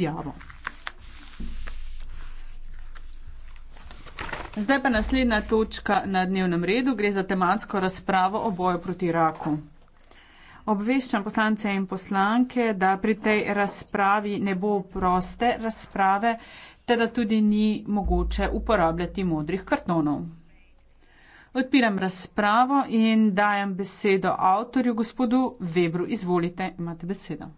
prijavo. Zdaj pa naslednja točka na dnevnem redu. Gre za tematsko razpravo o boju proti raku. Obveščam poslance in poslanke, da pri tej razpravi ne bo proste razprave, teda tudi ni mogoče uporabljati modrih kartonov. Odpiram razpravo in dajem besedo avtorju, gospodu Webru. Izvolite, imate besedo.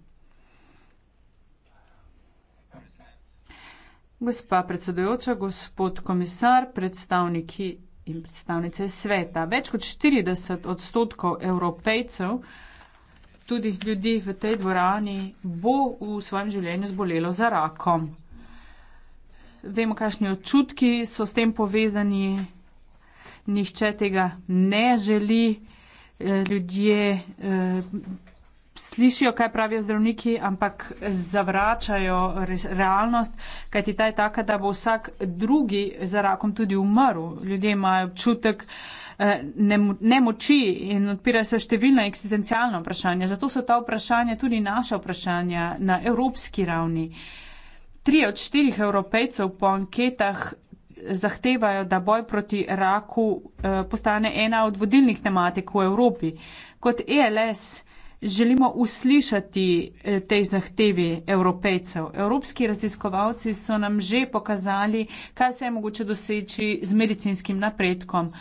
Gospa predsedujoča, gospod komisar, predstavniki in predstavnice sveta. Več kot 40 odstotkov evropejcev, tudi ljudi v tej dvorani, bo v svojem življenju zbolelo za rakom. Vemo, kakšni občutki so s tem povezani. Nihče tega ne želi. Eh, ljudje eh, slišijo, kaj pravijo zdravniki, ampak zavračajo res, realnost, kajti ta je taka, da bo vsak drugi za rakom tudi umrl. Ljudje imajo občutek eh, nemoči in odpirajo se številna eksistencialna vprašanja. Zato so ta vprašanja tudi naša vprašanja na evropski ravni. Tri od štirih evropejcev po anketah zahtevajo, da boj proti raku eh, postane ena od vodilnih tematik v Evropi. Kot ELS želimo uslišati eh, tej zahtevi evropejcev. Evropski raziskovalci so nam že pokazali, kaj se je mogoče doseči z medicinskim napredkom.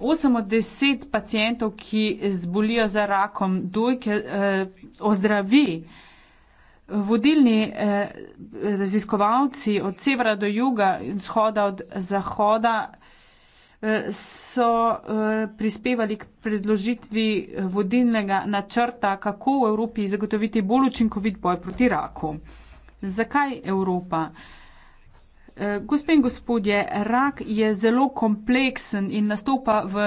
8 od 10 pacijentov, ki zbolijo za rakom dojke, eh, ozdravi. Vodilni eh, raziskovalci od severa do juga in vzhoda od zahoda Eh, so eh, prispevali k predložitvi eh, vodilnega načrta, kako v Evropi zagotoviti bolj učinkovit boj proti raku. Zakaj Evropa? Gospe in gospodje, rak je zelo kompleksen in nastopa v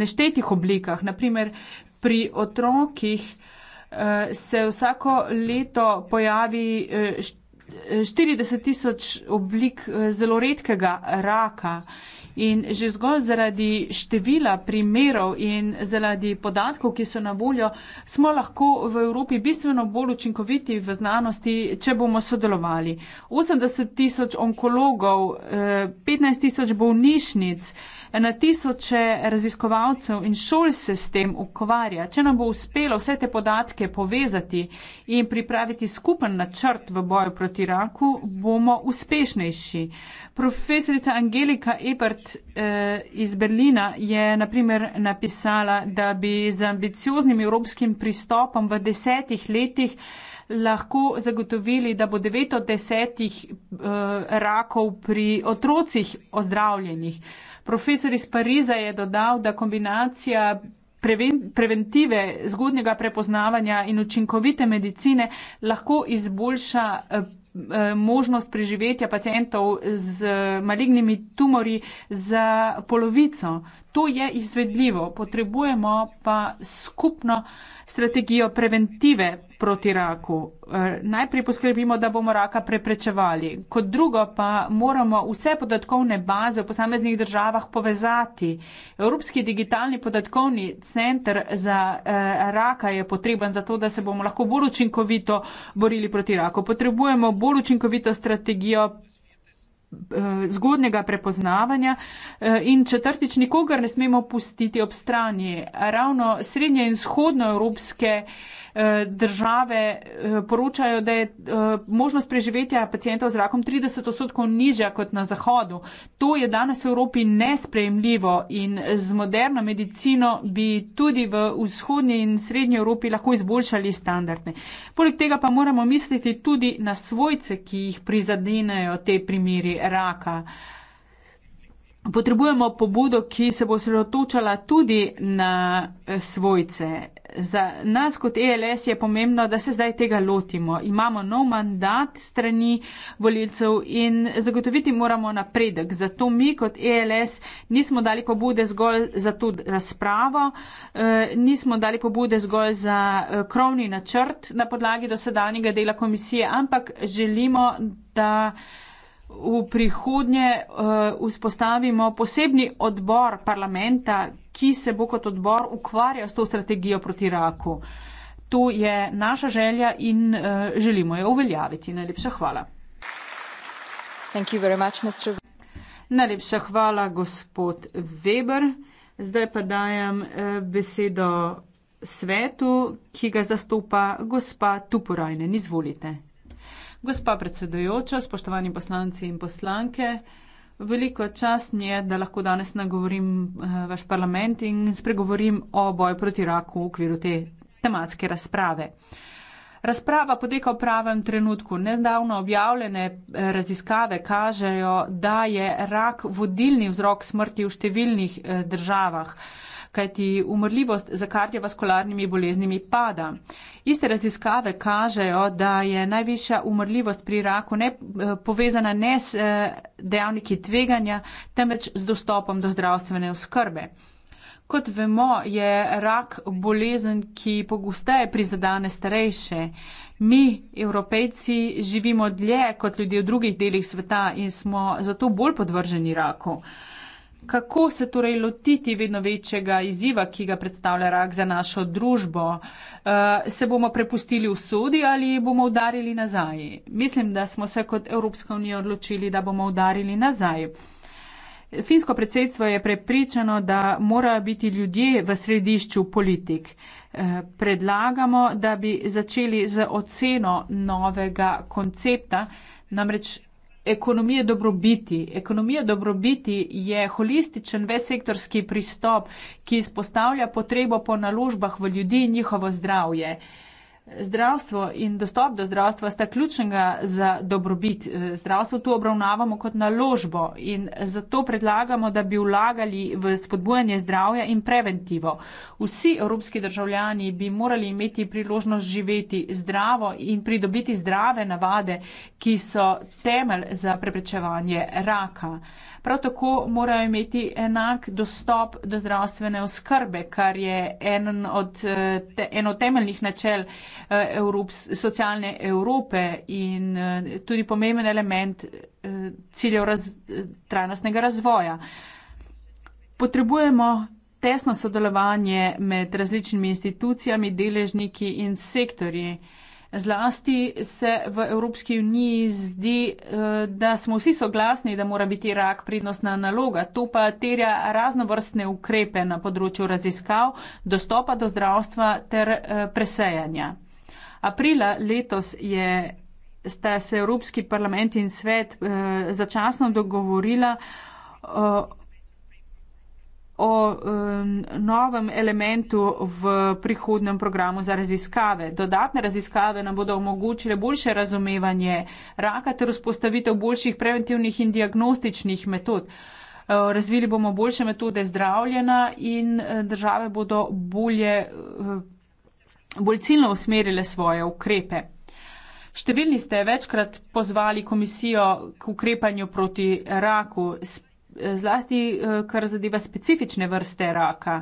neštetih oblikah. Naprimer, pri otrokih se vsako leto pojavi 40 tisoč oblik zelo redkega raka In že zgolj zaradi števila primerov in zaradi podatkov, ki so na voljo, smo lahko v Evropi bistveno bolj učinkoviti v znanosti, če bomo sodelovali. 80 tisoč onkologov, 15 eh, tisoč bolnišnic, na tisoče raziskovalcev in šol se s tem ukvarja. Če nam bo uspelo vse te podatke povezati in pripraviti skupen načrt v boju proti raku, bomo uspešnejši. Profesorica Angelika Ebert, eh, iz Berlina je naprimer napisala, da bi z ambicioznim evropskim pristopom v desetih letih lahko zagotovili, da bo devet od desetih eh, rakov pri otrocih ozdravljenih. Profesor iz Pariza je dodal, da kombinacija preventive, zgodnjega prepoznavanja in učinkovite medicine lahko izboljša eh, Eh, možnost preživetja pacijentov z malignimi tumori za polovico. To je izvedljivo, potrebujemo pa skupno strategijo preventive, proti raku. Eh, najprej poskrbimo, da bomo raka preprečevali. Kot drugo pa moramo vse podatkovne baze v posameznih državah povezati. Evropski digitalni podatkovni center za eh, raka je potreben zato, da se bomo lahko bolj učinkovito borili proti raku. Potrebujemo bolj učinkovito strategijo Eh, zgodnega prepoznavanja eh, in četrtič, nikogar ne smemo pustiti ob strani. Ravno srednje in vzhodnoevropske eh, države poročajo, da je možnost preživetja pacijentov z rakom 30 odstotkov nižja kot na zahodu. To je danes v Evropi nesprejemljivo in z moderno medicino bi tudi v vzhodnji in srednji Evropi lahko izboljšali standardne. Poleg tega pa moramo misliti tudi na svojce, ki jih prizadenejo te primiri raka. Potrebujemo pobudo, ki se bo osredotočala tudi na eh, svojce. Za nas kot ELS je pomembno, da se zdaj tega lotimo. Imamo nov mandat strani volilcev in zagotoviti moramo napredek. Zato mi kot ELS nismo dali pobude zgolj za to razpravo, eh, nismo dali pobude zgolj za eh, krovni načrt na podlagi dosedanjega dela komisije, ampak želimo, da v prihodnje eh, vzpostavimo posebni odbor parlamenta, ki se bo kot odbor ukvarjal s to strategijo proti raku. To je naša želja in eh, želimo jo uveljaviti. Najlepša hvala. Thank you very much, Mr. Najlepša hvala, gospod Weber. Zdaj pa dajem eh, besedo svetu, ki ga zastopa gospa Tupurajne. Izvolite. Gospa predsedujoča, spoštovani poslanci in poslanke, veliko čast mi je, da lahko danes nagovorim eh, vaš parlament in spregovorim o boju proti raku v okviru te tematske razprave. Razprava poteka v pravem trenutku. Nedavno objavljene eh, raziskave kažejo, da je rak vodilni vzrok smrti v številnih eh, državah kajti umrljivost za kardiovaskularnimi boleznimi pada. Iste raziskave kažejo, da je najvišja umrljivost pri raku ne eh, povezana ne s eh, dejavniki tveganja, temveč z dostopom do zdravstvene oskrbe. Kot vemo, je rak bolezen, ki pogosteje prizadane starejše. Mi, evropejci, živimo dlje kot ljudje v drugih delih sveta in smo zato bolj podvrženi raku. Uh, Kako se torej lotiti vedno večjega izziva, ki ga predstavlja rak za našo družbo? Eh, se bomo prepustili v sodi ali bomo udarili nazaj? Mislim, da smo se kot Evropska unija odločili, da bomo udarili nazaj. Finsko predsedstvo je prepričano, da morajo biti ljudje v središču politik. Eh, predlagamo, da bi začeli z oceno novega koncepta, namreč ekonomije dobrobiti. Ekonomija dobrobiti je holističen večsektorski pristop, ki izpostavlja potrebo po naložbah v ljudi in njihovo zdravje. Zdravstvo in dostop do zdravstva sta ključnega za dobrobit. Eh, zdravstvo tu obravnavamo kot naložbo in zato predlagamo, da bi vlagali v spodbujanje zdravja in preventivo. Vsi evropski državljani bi morali imeti priložnost živeti zdravo in pridobiti zdrave navade, ki so temelj za preprečevanje raka. Prav tako morajo imeti enak dostop do zdravstvene oskrbe, kar je en od, eh, te, eno temeljnih načel Eh, Evrops, socialne Evrope in eh, tudi pomemben element eh, ciljev raz, trajnostnega razvoja. Potrebujemo tesno sodelovanje med različnimi institucijami, deležniki in sektorji. Zlasti se v Evropski uniji zdi, da smo vsi soglasni, da mora biti rak prednostna naloga. To pa terja raznovrstne ukrepe na področju raziskav, dostopa do zdravstva ter presejanja. Aprila letos je sta se Evropski parlament in svet eh, začasno dogovorila eh, o eh, novem elementu v prihodnem programu za raziskave. Dodatne raziskave nam bodo omogočile boljše razumevanje raka ter vzpostavitev boljših preventivnih in diagnostičnih metod. Eh, razvili bomo boljše metode zdravljena in eh, države bodo bolje eh, bolj ciljno usmerile svoje ukrepe. Številni ste večkrat pozvali komisijo k ukrepanju proti raku, zlasti eh, kar zadeva specifične vrste raka.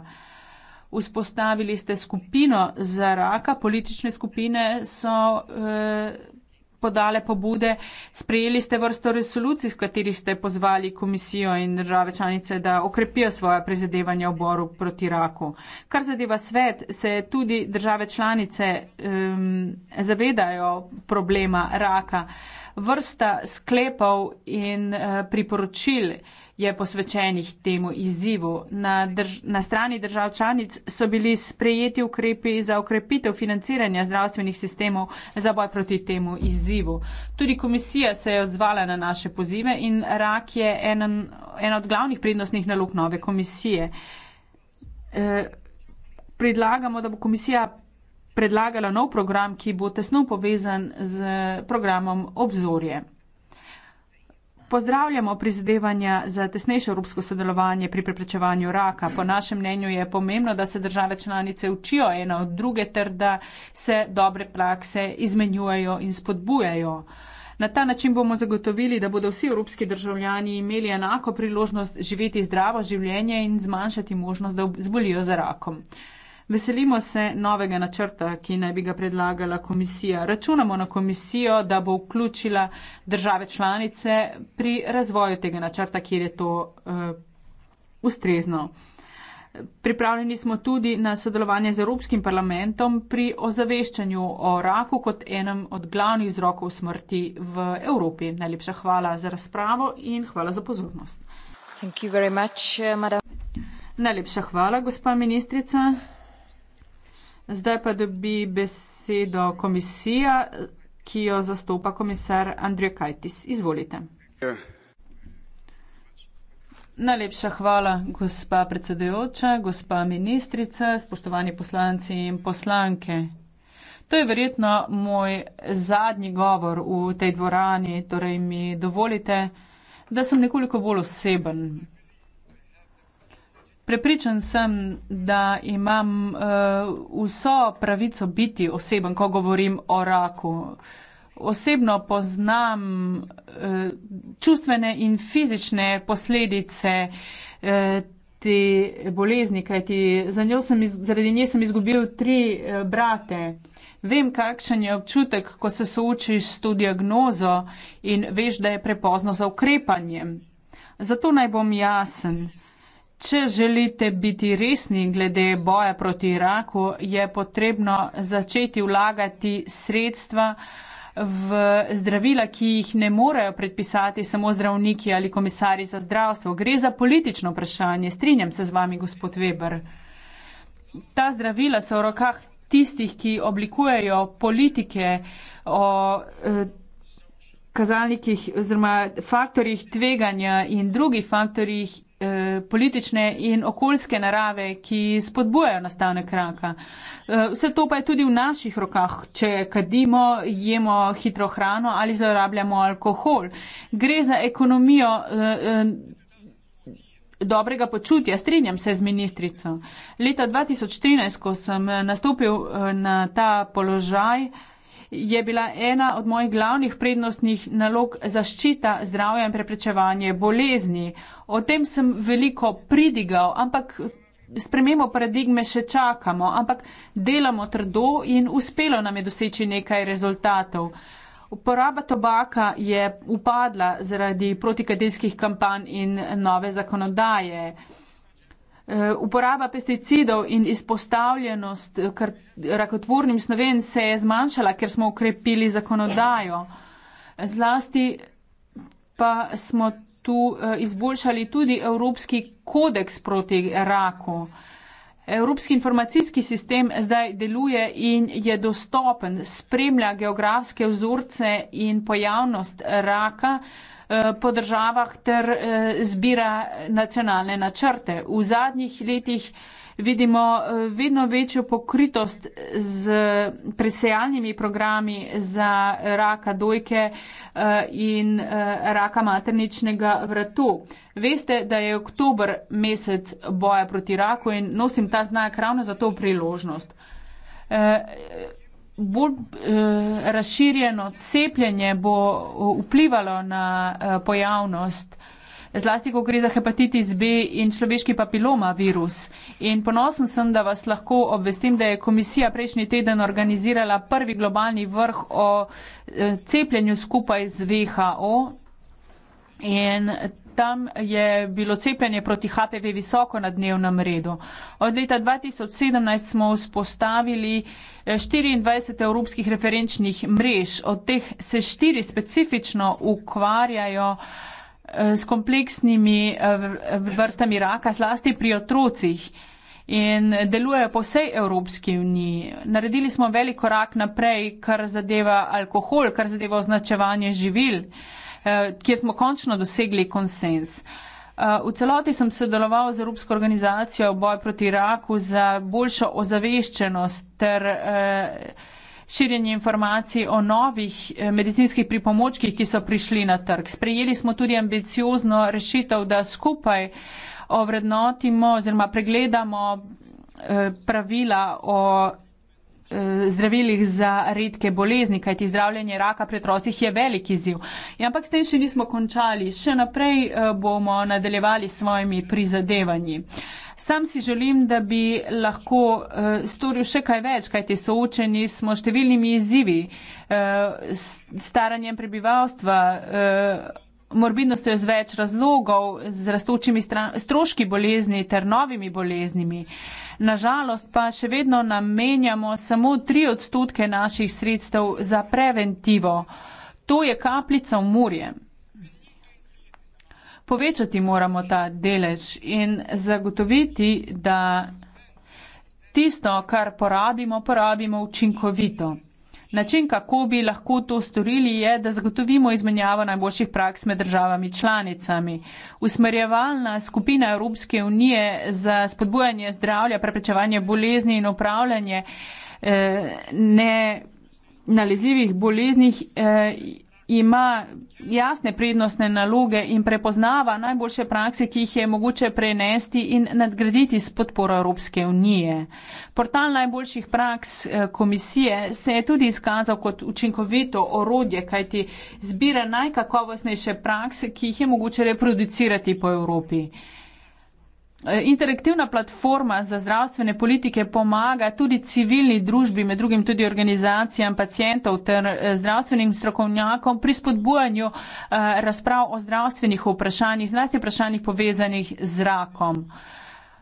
Vzpostavili ste skupino za raka, politične skupine so eh, podale pobude. Sprejeli ste vrsto resolucij, s katerih ste pozvali komisijo in države članice, da okrepijo svoja prizadevanja v boru proti raku. Kar zadeva svet, se tudi države članice um, zavedajo problema raka. Uh, vrsta sklepov in eh, priporočil je posvečenih temu izzivu. Na, drž na strani držav članic so bili sprejeti ukrepi za okrepitev financiranja zdravstvenih sistemov za boj proti temu izzivu. Tudi komisija se je odzvala na naše pozive in rak je ena en od glavnih prednostnih nalog nove komisije. E, predlagamo, da bo komisija predlagala nov program, ki bo tesno povezan z programom Obzorje. Pozdravljamo prizadevanja za tesnejše evropsko sodelovanje pri preprečevanju raka. Po našem mnenju je pomembno, da se države članice učijo ena od druge ter da se dobre prakse izmenjujejo in spodbujajo. Na ta način bomo zagotovili, da bodo vsi evropski državljani imeli enako priložnost živeti zdravo življenje in zmanjšati možnost, da zbolijo za rakom. Veselimo se novega načrta, ki naj bi ga predlagala komisija. Računamo na komisijo, da bo vključila države članice pri razvoju tega načrta, kjer je to uh, ustrezno. Pripravljeni smo tudi na sodelovanje z Evropskim parlamentom pri ozaveščanju o raku kot enem od glavnih vzrokov smrti v Evropi. Najlepša hvala za razpravo in hvala za pozornost. Eh, Najlepša hvala, gospa ministrica. Zdaj pa dobi besedo komisija, ki jo zastopa komisar Andrej Kajtis. Izvolite. Najlepša hvala, gospa predsedujoča, gospa ministrica, spoštovani poslanci in poslanke. To je verjetno moj zadnji govor v tej dvorani, torej mi dovolite, da sem nekoliko bolj oseben. Prepričan sem, da imam uh, vso pravico biti oseben, ko govorim o raku. Osebno poznam uh, čustvene in fizične posledice uh, te bolezni, kajti zaradi nje sem izgubil tri uh, brate. Vem, kakšen je občutek, ko se soočiš s to diagnozo in veš, da je prepozno za ukrepanje. Zato naj bom jasen. Če želite biti resni glede boja proti raku, je potrebno začeti vlagati sredstva v zdravila, ki jih ne morejo predpisati samo zdravniki ali komisari za zdravstvo. Gre za politično vprašanje. Strinjam se z vami, gospod Weber. Ta zdravila so v rokah tistih, ki oblikujejo politike o eh, kazalnikih oziroma faktorjih tveganja in drugih faktorjih Eh, politične in okoljske narave, ki spodbujajo nastavne kraka. Eh, vse to pa je tudi v naših rokah, če kadimo, jemo hitro hrano ali zlorabljamo alkohol. Gre za ekonomijo eh, dobrega počutja, strinjam se z ministrico. Leta 2013, ko sem nastopil na ta položaj, je bila ena od mojih glavnih prednostnih nalog zaščita zdravja in preprečevanje bolezni. O tem sem veliko pridigal, ampak spremembo paradigme še čakamo, ampak delamo trdo in uspelo nam je doseči nekaj rezultatov. Uporaba tobaka je upadla zaradi protikadilskih kampanj in nove zakonodaje. Eh, uporaba pesticidov in izpostavljenost eh, rakotvornim snovem se je zmanjšala, ker smo ukrepili zakonodajo. Zlasti pa smo tu eh, izboljšali tudi Evropski kodeks proti raku. Evropski informacijski sistem zdaj deluje in je dostopen, spremlja geografske vzorce in pojavnost raka. Eh, po državah ter eh, zbira nacionalne načrte. V zadnjih letih vidimo eh, vedno večjo pokritost z presejalnimi programi za raka dojke in raka materničnega vratu. Veste, da je oktober mesec boja proti raku in nosim ta znak ravno za to priložnost bolj eh, razširjeno cepljenje bo eh, vplivalo na eh, pojavnost, zlasti, ko gre za hepatitis B in človeški papiloma virus. In ponosen sem, da vas lahko obvestim, da je komisija prejšnji teden organizirala prvi globalni vrh o eh, cepljenju skupaj z WHO. In tam je bilo cepljenje proti HPV visoko na dnevnem redu. Od leta 2017 smo vzpostavili 24 eh, evropskih referenčnih mrež. Od teh se štiri specifično ukvarjajo eh, s kompleksnimi eh, vrstami raka, zlasti pri otrocih. In delujejo po vsej Evropski uniji. Naredili smo velik korak naprej, kar zadeva alkohol, kar zadeva označevanje živil. Uh, Eh, kjer smo končno dosegli konsens. Eh, v celoti sem sodeloval z Evropsko organizacijo boj proti raku za boljšo ozaveščenost ter eh, širjenje informacij o novih medicinskih pripomočkih, ki so prišli na trg. Sprejeli smo tudi ambiciozno rešitev, da skupaj ovrednotimo oziroma pregledamo pravila o Eh, zdravilih za redke bolezni, kajti zdravljenje raka pri otrocih je velik izziv. Ja, ampak s tem še nismo končali, še naprej eh, bomo nadaljevali s svojimi prizadevanji. Sam si želim, da bi lahko uh, storil še kaj več, kajti soočeni smo številnimi izzivi, uh, staranjem prebivalstva, uh, morbidnostjo iz več razlogov, z rastočimi stroški bolezni ter novimi boleznimi. Uh, Nažalost pa še vedno namenjamo samo tri odstotke naših sredstev za preventivo. To je kapljica v morje. Povečati moramo ta delež in zagotoviti, da tisto, kar porabimo, porabimo učinkovito. Način, kako bi lahko to storili, je, da zagotovimo izmenjavo najboljših praks med državami članicami. Usmerjevalna skupina Evropske unije za spodbujanje zdravja, preprečevanje bolezni in upravljanje eh, nenalezljivih boleznih. Eh, ima jasne prednostne naloge in prepoznava najboljše prakse, ki jih je mogoče prenesti in nadgraditi s podporo Evropske unije. Portal najboljših praks eh, komisije se je tudi izkazal kot učinkovito orodje, kajti zbira najkakovostnejše prakse, ki jih je mogoče reproducirati po Evropi. Eh, interaktivna platforma za zdravstvene politike pomaga tudi civilni družbi, med drugim tudi organizacijam pacijentov ter eh, zdravstvenim strokovnjakom pri spodbujanju eh, razprav o zdravstvenih vprašanjih, zlasti vprašanjih povezanih z rakom.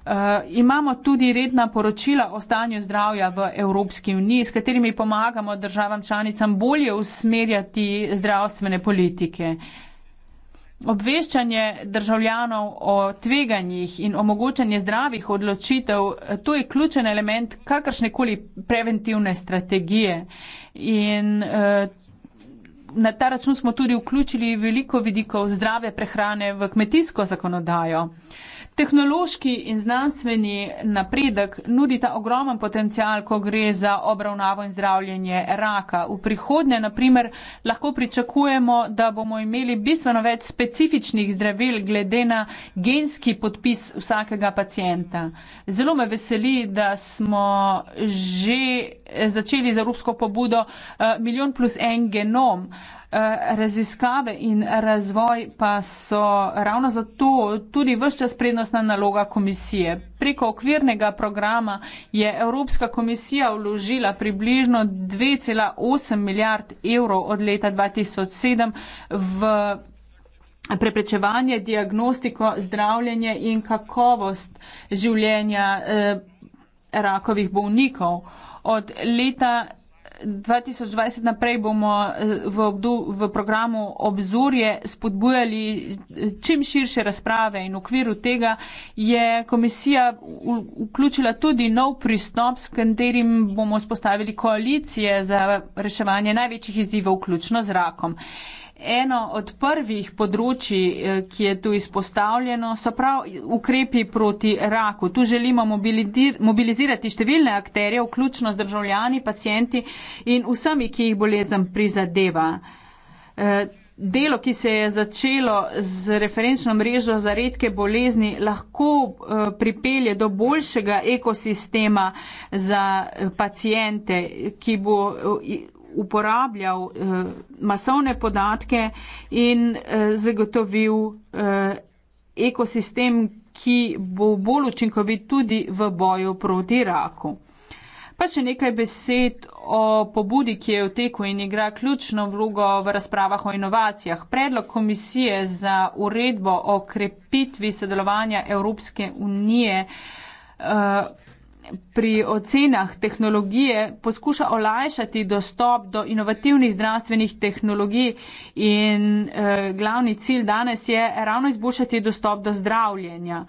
Uh, imamo tudi redna poročila o stanju zdravja v Evropski uniji, s katerimi pomagamo državam članicam bolje usmerjati zdravstvene politike. Uh, obveščanje državljanov o tveganjih in omogočanje zdravih odločitev, to je ključen element kakršnekoli preventivne strategije. In eh, na ta račun smo tudi vključili veliko vidikov zdrave prehrane v kmetijsko zakonodajo. Tehnološki in znanstveni napredek nudita ogromen potencial, ko gre za obravnavo in zdravljenje raka. V prihodnje, naprimer, lahko pričakujemo, da bomo imeli bistveno več specifičnih zdravil glede na genski podpis vsakega pacijenta. Zelo me veseli, da smo že eh, začeli z evropsko pobudo eh, milijon plus en genom. Eh, raziskave in razvoj pa so ravno zato tudi vrščas prednostna naloga komisije. Preko okvirnega programa je Evropska komisija vložila približno 2,8 milijard evrov od leta 2007 v preprečevanje, diagnostiko, zdravljenje in kakovost življenja eh, rakovih bolnikov. Od leta 2020 naprej bomo eh, v, obdu, v programu obzorje spodbujali eh, čim širše razprave in v okviru tega je komisija vključila tudi nov pristop, s katerim bomo spostavili koalicije za reševanje največjih izzivov, vključno z rakom eno od prvih področji, eh, ki je tu izpostavljeno, so prav ukrepi proti raku. Tu želimo mobilizirati številne akterje, vključno z državljani, pacijenti in vsemi, ki jih bolezen prizadeva. Eh, delo, ki se je začelo z referenčno mrežo za redke bolezni, lahko eh, pripelje do boljšega ekosistema za pacijente, ki bo uporabljal eh, masovne podatke in eh, zagotovil eh, ekosistem, ki bo bolj učinkovit tudi v boju proti raku. Pa še nekaj besed o pobudi, ki je v teku in igra ključno vlogo v razpravah o inovacijah. Predlog komisije za uredbo o krepitvi sodelovanja Evropske unije eh, pri ocenah tehnologije poskuša olajšati dostop do inovativnih zdravstvenih tehnologij in eh, glavni cilj danes je ravno izboljšati dostop do zdravljenja.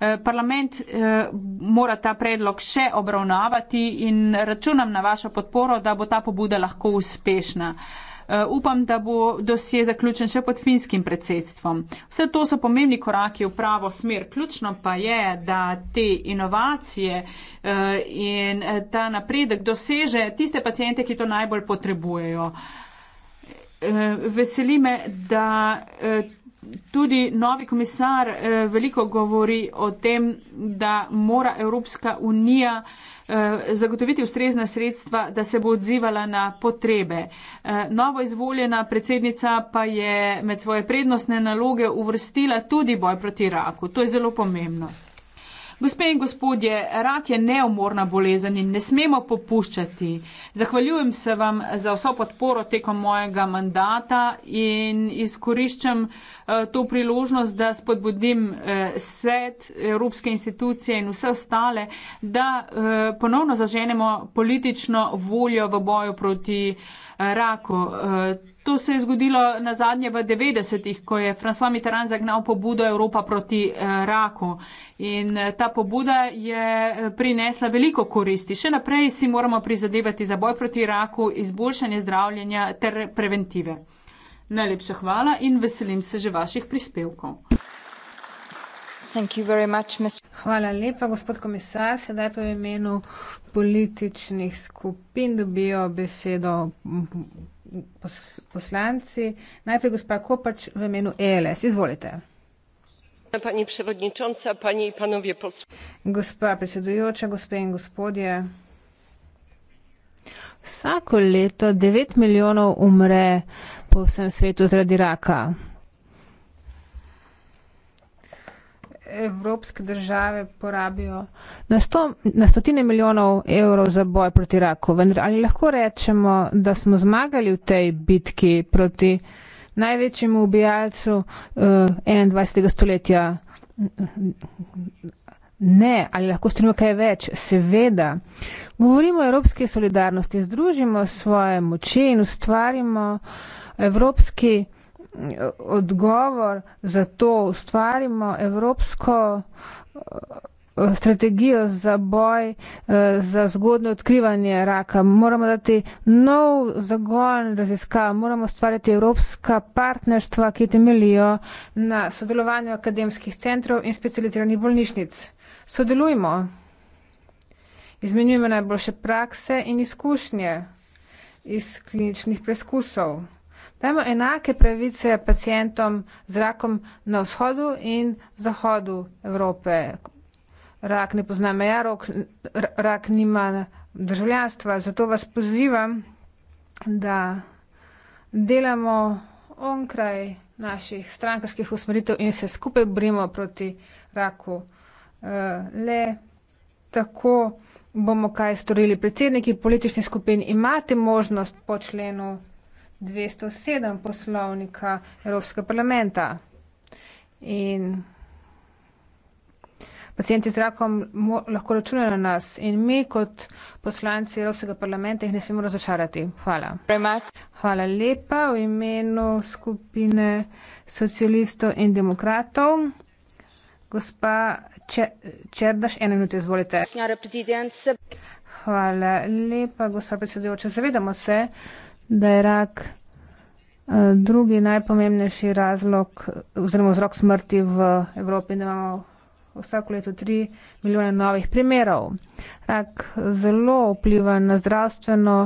Eh, parlament eh, mora ta predlog še obravnavati in računam na vašo podporo, da bo ta pobuda lahko uspešna. Eh, Eh, upam, da bo dosje zaključen še pod finskim predsedstvom. Vse to so pomembni koraki v pravo smer. Ključno pa je, da te inovacije eh, in eh, ta napredek doseže tiste pacijente, ki to najbolj potrebujejo. Veseli me, da tudi novi komisar eh, veliko govori o tem, da mora Evropska unija eh, zagotoviti ustrezna sredstva, da se bo odzivala na potrebe. Eh, novo izvoljena predsednica pa je med svoje prednostne naloge uvrstila tudi boj proti raku. To je zelo pomembno. Gospe in gospodje, rak je neumorna bolezen in ne smemo popuščati. Zahvaljujem se vam za vso podporo tekom mojega mandata in izkoriščam eh, to priložnost, da spodbudim eh, svet, evropske institucije in vse ostale, da eh, ponovno zaženemo politično voljo v boju proti raku. To se je zgodilo na zadnje v 90-ih, ko je François Mitterrand zagnal pobudo Evropa proti eh, raku. In eh, ta pobuda je eh, prinesla veliko koristi. Še naprej si moramo prizadevati za boj proti raku, izboljšanje zdravljenja ter preventive. Najlepša hvala in veselim se že vaših prispevkov. Much, hvala lepa, gospod komisar. Sedaj pa v imenu političnih skupin dobijo besedo poslanci. Najprej gospa Kopač v imenu ELS. Izvolite. Pani predsednica, pani in panovje poslanci. Gospa predsedujoča, gospe in gospodje. Vsako leto 9 milijonov umre po vsem svetu zaradi raka. evropske države porabijo na, sto, na stotine milijonov evrov za boj proti raku. Vendar ali lahko rečemo, da smo zmagali v tej bitki proti največjemu ubijalcu uh, eh, 21. stoletja? Ne, ali lahko strinjamo kaj več? Seveda. Govorimo o evropski solidarnosti, združimo svoje moči in ustvarimo evropski odgovor za to ustvarimo evropsko eh, strategijo za boj eh, za zgodno odkrivanje raka. Moramo dati nov zagon raziskav, moramo stvarjati evropska partnerstva, ki temelijo na sodelovanju akademskih centrov in specializiranih bolnišnic. Sodelujmo, izmenjujmo najboljše prakse in izkušnje iz kliničnih preskusov. Dajmo enake pravice pacijentom z rakom na vzhodu in zahodu Evrope. Rak ne pozna meja, rak, rak nima državljanstva. Zato vas pozivam, da delamo onkraj naših strankarskih usmeritev in se skupaj borimo proti raku. Eh, le tako bomo kaj storili. Predsedniki političnih skupin imate možnost po členu 207 poslovnika Evropskega parlamenta. In pacijenti z rakom lahko računajo na nas in mi kot poslanci Evropskega parlamenta jih ne smemo razočarati. Hvala. Hvala lepa v imenu skupine socialistov in demokratov. Gospa Čerdaš, eno minuto izvolite. Hvala lepa, gospod predsedujoča. Zavedamo se, da je rak uh, drugi najpomembnejši razlog oziroma vzrok smrti v Evropi, da imamo vsako leto 3 milijone novih primerov. Rak zelo vpliva na zdravstveno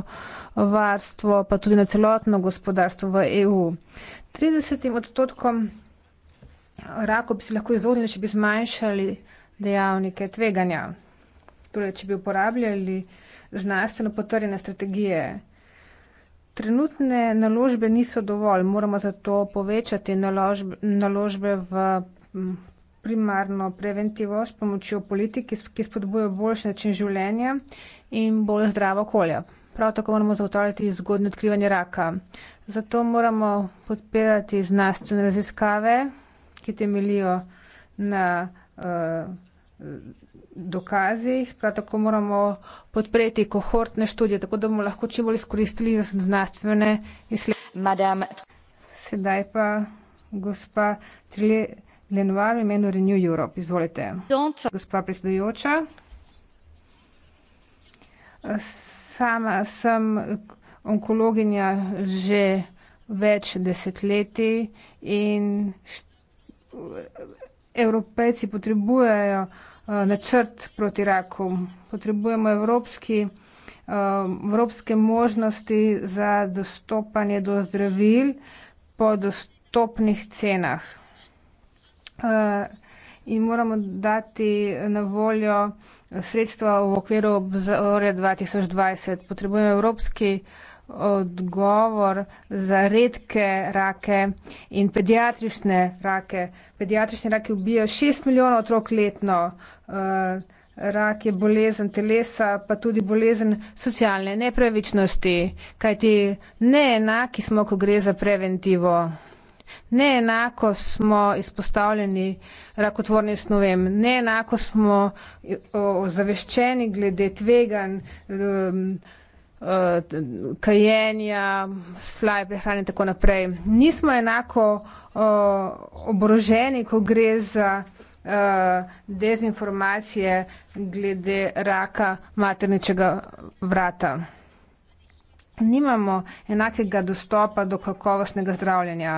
varstvo, pa tudi na celotno gospodarstvo v EU. 30 odstotkom rako bi se lahko izognili, če bi zmanjšali dejavnike tveganja. Torej, če bi uporabljali znanstveno potrjene strategije. Trenutne naložbe niso dovolj, moramo zato povečati naložbe, naložbe v primarno preventivo s pomočjo politik, ki spodbujo boljši način življenja in bolj zdravo okolje. Prav tako moramo zagotavljati zgodno odkrivanje raka. Zato moramo podpirati znanstvene raziskave, ki temelijo na uh, dokazih, prav tako moramo podpreti kohortne študije, tako da bomo lahko čim bolj izkoristili znanstvene izsledke. Sedaj pa gospa Trile Lenoir v imenu Renew Europe, izvolite. Don't... Gospa predsedujoča, sama sem onkologinja že več desetletij in št... Evropejci potrebujejo Eh, načrt proti raku. Potrebujemo evropski, eh, evropske možnosti za dostopanje do zdravil po dostopnih cenah. Eh, in moramo dati na voljo sredstva v okviru obzorja 2020. Potrebujemo evropski odgovor za redke rake in pediatrične rake. Pediatrične rake ubija 6 milijonov otrok letno. Eh, rak je bolezen telesa, pa tudi bolezen socialne nepravičnosti, kajti neenaki smo, ko gre za preventivo. Neenako smo izpostavljeni rakotvornim snovem, neenako smo eh, ozaveščeni glede tveganj. Um, Eh, kajenja, slabe prehrane in tako naprej. Nismo enako eh, oboroženi, ko gre za eh, dezinformacije glede raka materničega vrata. Nimamo enakega dostopa do kakovostnega zdravljenja.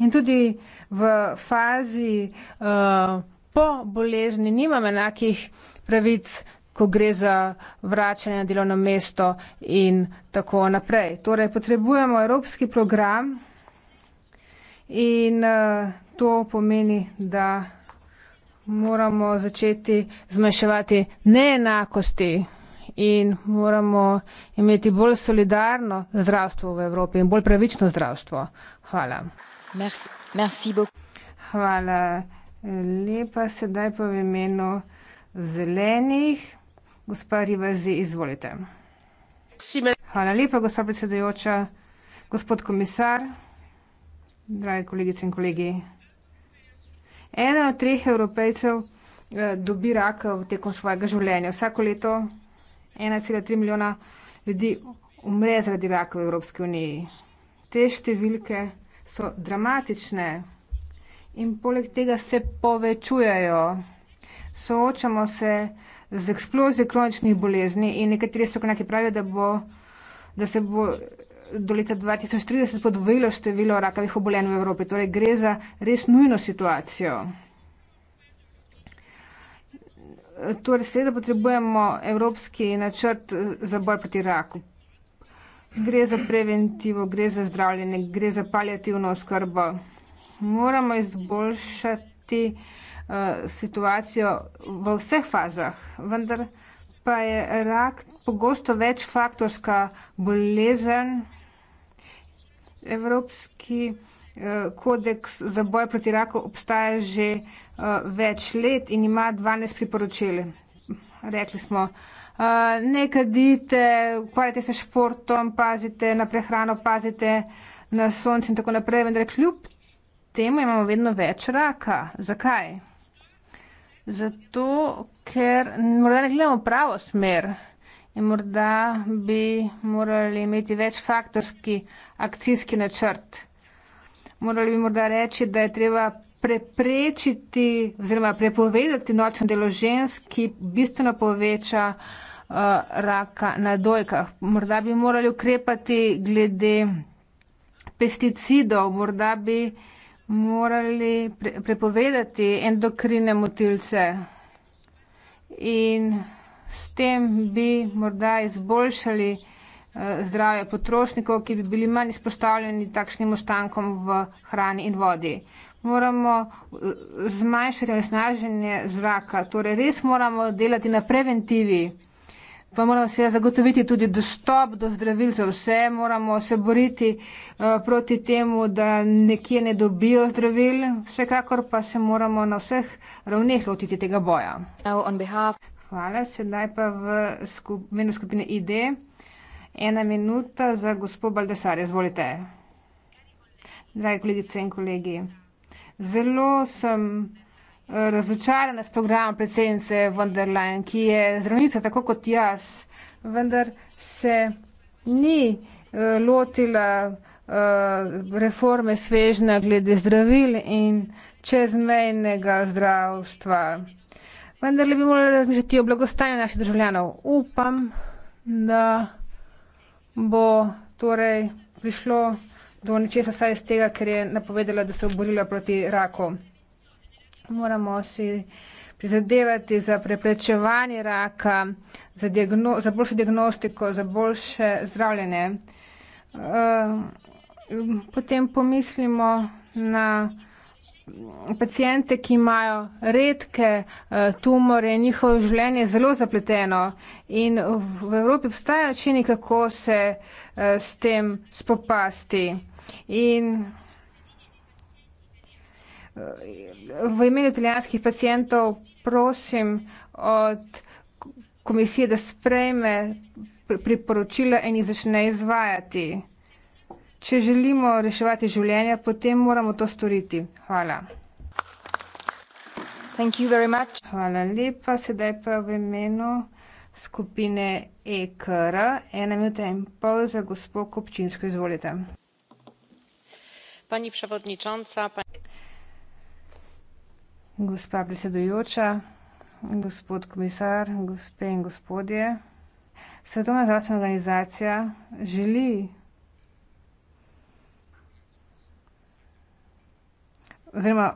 In tudi v fazi uh, po bolezni nimam enakih pravic ko gre za vračanje na delovno mesto in tako naprej. Torej, potrebujemo evropski program in uh, to pomeni, da moramo začeti zmanjševati neenakosti in moramo imeti bolj solidarno zdravstvo v Evropi in bolj pravično zdravstvo. Hvala. Merci, merci Hvala. Lepa sedaj pa v imenu zelenih. Gospa Rivazi, izvolite. Hvala lepa, gospa predsedujoča. Gospod komisar, drage kolegice in kolegi. Ena od treh evropejcev eh, dobi raka v tekom svojega življenja. Vsako leto 1,3 milijona ljudi umre zaradi raka v Evropski uniji. Te številke so dramatične in poleg tega se povečujejo soočamo se z eksplozijo kroničnih bolezni in nekateri strokovnjaki pravijo, da, bo, da se bo do leta 2030 podvojilo število rakavih obolenj v Evropi. Torej gre za res nujno situacijo. Torej seveda potrebujemo evropski načrt za boj proti raku. Gre za preventivo, gre za zdravljenje, gre za paljativno oskrbo. Moramo izboljšati Eh, situacijo v vseh fazah, vendar pa je rak pogosto večfaktorska bolezen. Evropski eh, kodeks za boj proti raku obstaja že eh, več let in ima 12 priporočil. Rekli smo, ne kadite, ukvarjate se športom, pazite na prehrano, pazite na sonce in tako naprej, vendar kljub temu imamo vedno več raka. Zakaj? Zato, ker morda ne gledamo pravo smer in morda bi morali imeti več faktorski akcijski načrt. Morali bi morda reči, da je treba preprečiti oziroma prepovedati nočno delo žensk, ki bistveno poveča uh, raka na dojkah. Morda bi morali ukrepati glede pesticidov, morda bi uh, morali pre prepovedati endokrine motilce in s tem bi morda izboljšali uh, zdravje potrošnikov, ki bi bili manj izpostavljeni takšnim ostankom v hrani in vodi. Moramo eh, zmanjšati onesnaženje zraka, torej res moramo delati na preventivi pa moramo seveda zagotoviti tudi dostop do zdravil za vse, moramo se boriti uh, proti temu, da nekje ne dobijo zdravil, vsekakor pa se moramo na vseh ravneh lotiti tega boja. Hvala, sedaj pa v imenu skup skupine ID. Ena minuta za gospod Baldesar, izvolite. Dragi kolegice in kolegi, zelo sem razočarana s programom predsednice Vonderlajn, ki je zdravnica tako kot jaz, vendar se ni eh, lotila eh, reforme svežna glede zdravil in čezmejnega zdravstva. Vendar le bi morali razmišljati o blagostanju naših državljanov. Upam, da bo torej prišlo do nečesa vsaj iz tega, ker je napovedala, da se bo borila proti raku moramo si prizadevati za preprečevanje raka, za, diagno, za boljšo diagnostiko, za boljše zdravljenje. Eh, potem pomislimo na pacijente, ki imajo redke eh, tumore in njihovo življenje je zelo zapleteno. In v Evropi obstajajo načini, kako se eh, s tem spopasti. In V imenu italijanskih pacijentov prosim od komisije, da sprejme priporočila in jih začne izvajati. Če želimo reševati življenja, potem moramo to storiti. Hvala. Hvala lepa. Sedaj pa v imenu skupine EKR. Ena minuta in pol za gospod Kopčinsko. Izvolite. Pani Gospa predsedujoča, gospod komisar, gospe in gospodje. Svetovna zdravstvena organizacija želi oziroma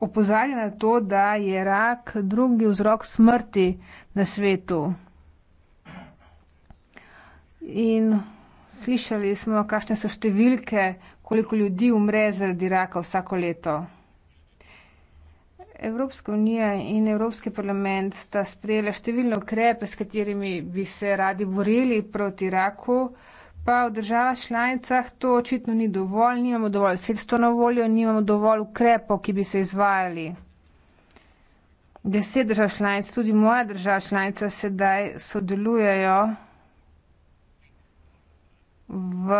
opozarja na to, da je rak drugi vzrok smrti na svetu. In slišali smo, kakšne so številke, koliko ljudi umre zaradi raka vsako leto. Evropska unija in Evropski parlament sta sprejela številne ukrepe, s katerimi bi se radi borili proti raku, pa v državah članicah to očitno ni dovolj, nimamo dovolj sredstva na voljo, nimamo dovolj ukrepov, ki bi se izvajali. Deset držav članic, tudi moja država članica, sedaj sodelujejo v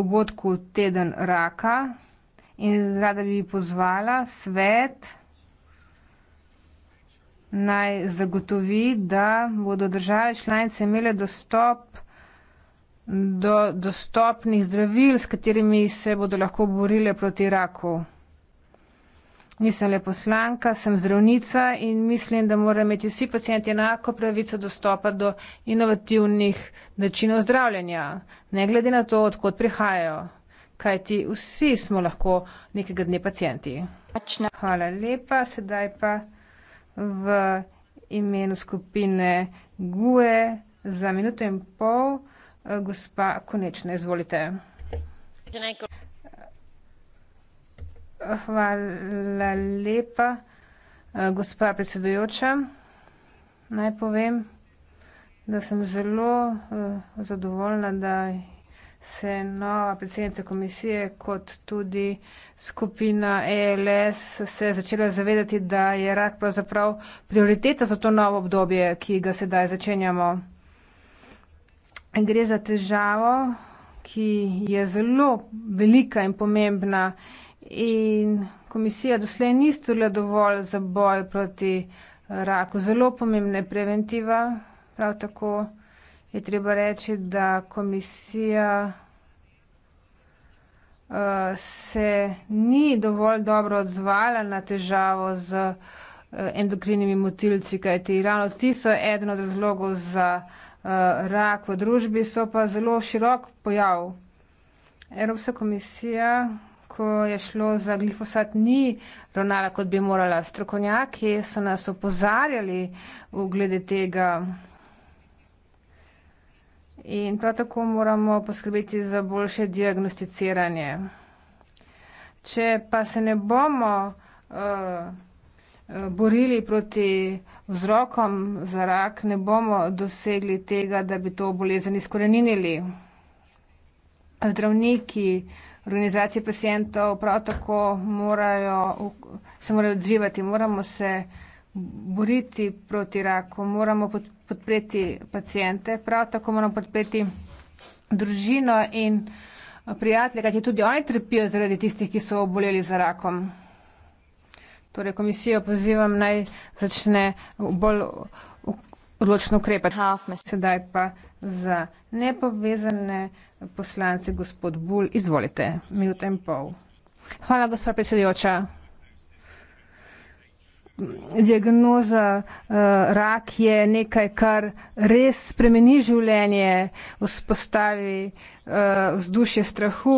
dogodku Teden raka in rada bi pozvala svet naj zagotovi, da bodo države članice imele dostop do dostopnih zdravil, s katerimi se bodo lahko borile proti raku. Nisem le poslanka, sem zdravnica in mislim, da morajo imeti vsi pacijenti enako pravico dostopa do inovativnih načinov zdravljenja, ne glede na to, odkot prihajajo kajti vsi smo lahko nekega dne pacijenti. Hvala lepa, sedaj pa v imenu skupine GUE za minuto in pol eh, gospa Konečna, izvolite. Hvala lepa, eh, gospa predsedujoča. Naj povem, da sem zelo eh, zadovoljna, da se nova predsednica komisije kot tudi skupina ELS se začela zavedati, da je rak pravzaprav prioriteta za to novo obdobje, ki ga sedaj začenjamo. Gre za težavo, ki je zelo velika in pomembna in komisija doslej ni storila dovolj za boj proti raku. Zelo pomembna je preventiva, prav tako je treba reči, da komisija uh, se ni dovolj dobro odzvala na težavo z uh, endokrinimi motilci, kajti ravno ti so eden od razlogov za uh, rak v družbi, so pa zelo širok pojav. Evropska komisija, ko je šlo za glifosat, ni ravnala, kot bi morala. Strokovnjaki so nas opozarjali v glede tega. In prav tako moramo poskrbeti za boljše diagnosticiranje. Če pa se ne bomo uh, borili proti vzrokom za rak, ne bomo dosegli tega, da bi to bolezen izkoreninili. Zdravniki, organizacije pacijentov prav tako morajo, se morajo odzivati, moramo se boriti proti raku, moramo podpirati podpreti pacijente, prav tako moramo podpreti družino in prijatelje, kajti tudi oni trpijo zaradi tistih, ki so oboleli za rakom. Torej, komisijo pozivam naj začne bolj odločno ukrepati. Sedaj pa za nepovezane poslance, gospod Bul, izvolite, minuto in pol. Hvala, gospod predsedujoča diagnoza uh, rak je nekaj, kar res spremeni življenje, vzpostavi uh, vzdušje strahu.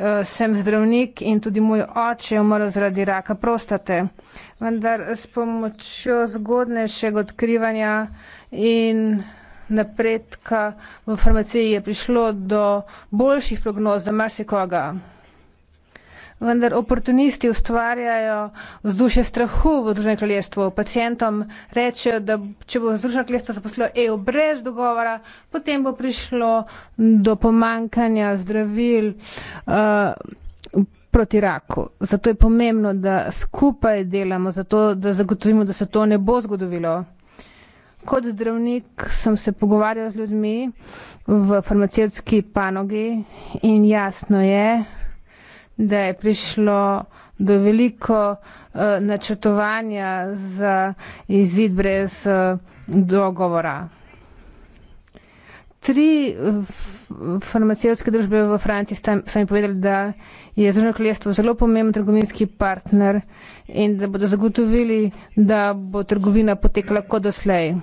Uh, sem zdravnik in tudi moj oče je umrl zaradi raka prostate. Vendar s pomočjo zgodnejšega odkrivanja in napredka v farmaciji je prišlo do boljših prognoz za marsikoga vendar oportunisti ustvarjajo vzdušje strahu v Združenem kraljestvu. Pacijentom rečejo, da če bo Združeno kraljestvo zaposlilo EU brez dogovora, potem bo prišlo do pomankanja zdravil uh, proti raku. Zato je pomembno, da skupaj delamo, zato, da zagotovimo, da se to ne bo zgodovilo. Kot zdravnik sem se pogovarjal z ljudmi v farmacevtski panogi in jasno je, da je prišlo do veliko uh, načrtovanja za izid brez uh, dogovora. Tri eh, farmacijske družbe v Franciji so mi povedali, da je Združeno kraljestvo zelo pomemben trgovinski partner in da bodo zagotovili, da bo trgovina potekala kot doslej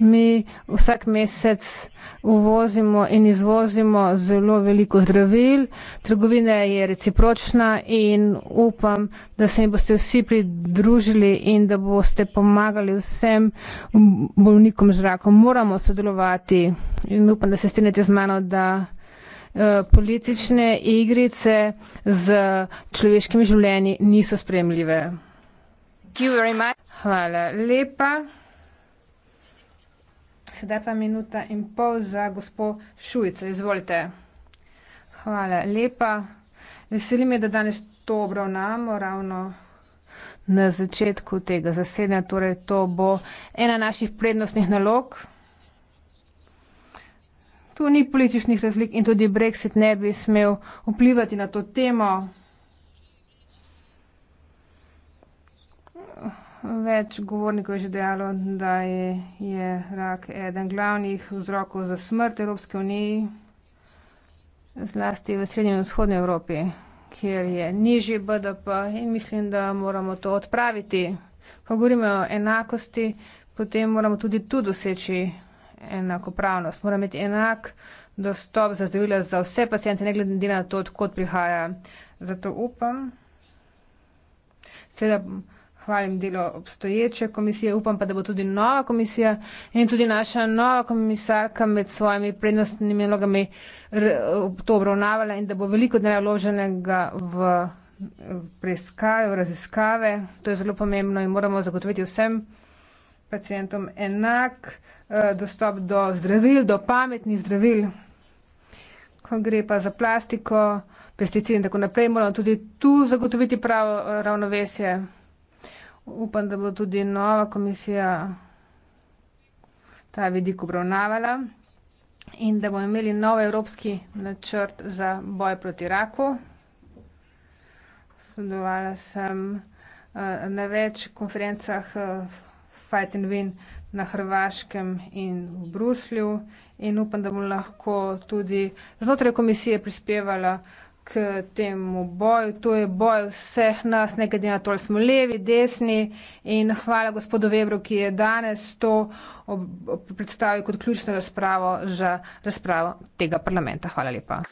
mi vsak mesec uvozimo in izvozimo zelo veliko zdravil, trgovina je recipročna in upam, da se mi boste vsi pridružili in da boste pomagali vsem bolnikom z rakom. Moramo sodelovati in upam, da se strinjate z mano, da eh, politične igrice z človeškimi življenji niso spremljive. Hvala lepa sedaj pa minuta in pol za gospo Šujico. Izvolite. Hvala lepa. Veseli me, da danes to obravnamo ravno na začetku tega zasedanja. Torej, to bo ena naših prednostnih nalog. Tu ni političnih razlik in tudi Brexit ne bi smel vplivati na to temo. Več govornikov je že dejalo, da je, je rak eden glavnih vzrokov za smrt Evropske unije, zlasti v srednji in vzhodnji Evropi, kjer je nižji BDP in mislim, da moramo to odpraviti. Ko govorimo o enakosti, potem moramo tudi tu doseči enakopravnost. Moramo imeti enak dostop za zdravila za vse pacijente, ne glede na to, odkot prihaja. Zato upam. Sveda, pohvalim delo obstoječe komisije, upam pa, da bo tudi nova komisija in tudi naša nova komisarka med svojimi prednostnimi nalogami to obravnavala in da bo veliko dneva vloženega v preiskave, v raziskave. To je zelo pomembno in moramo zagotoviti vsem pacijentom enak eh, dostop do zdravil, do pametnih zdravil. Ko gre pa za plastiko, pesticide in tako naprej, moramo tudi tu zagotoviti pravo ravnovesje upam, da bo tudi nova komisija ta vidik obravnavala in da bomo imeli nov evropski načrt za boj proti raku. Sodelovala sem uh, na več konferencah uh, Fight and Win na Hrvaškem in v Bruslju in upam, da bom lahko tudi znotraj komisije prispevala uh, k temu boju. To je boj vseh nas, ne glede na to, ali smo levi, desni. In hvala gospodu Vebru, ki je danes to predstavil kot ključno razpravo za razpravo tega parlamenta. Hvala lepa.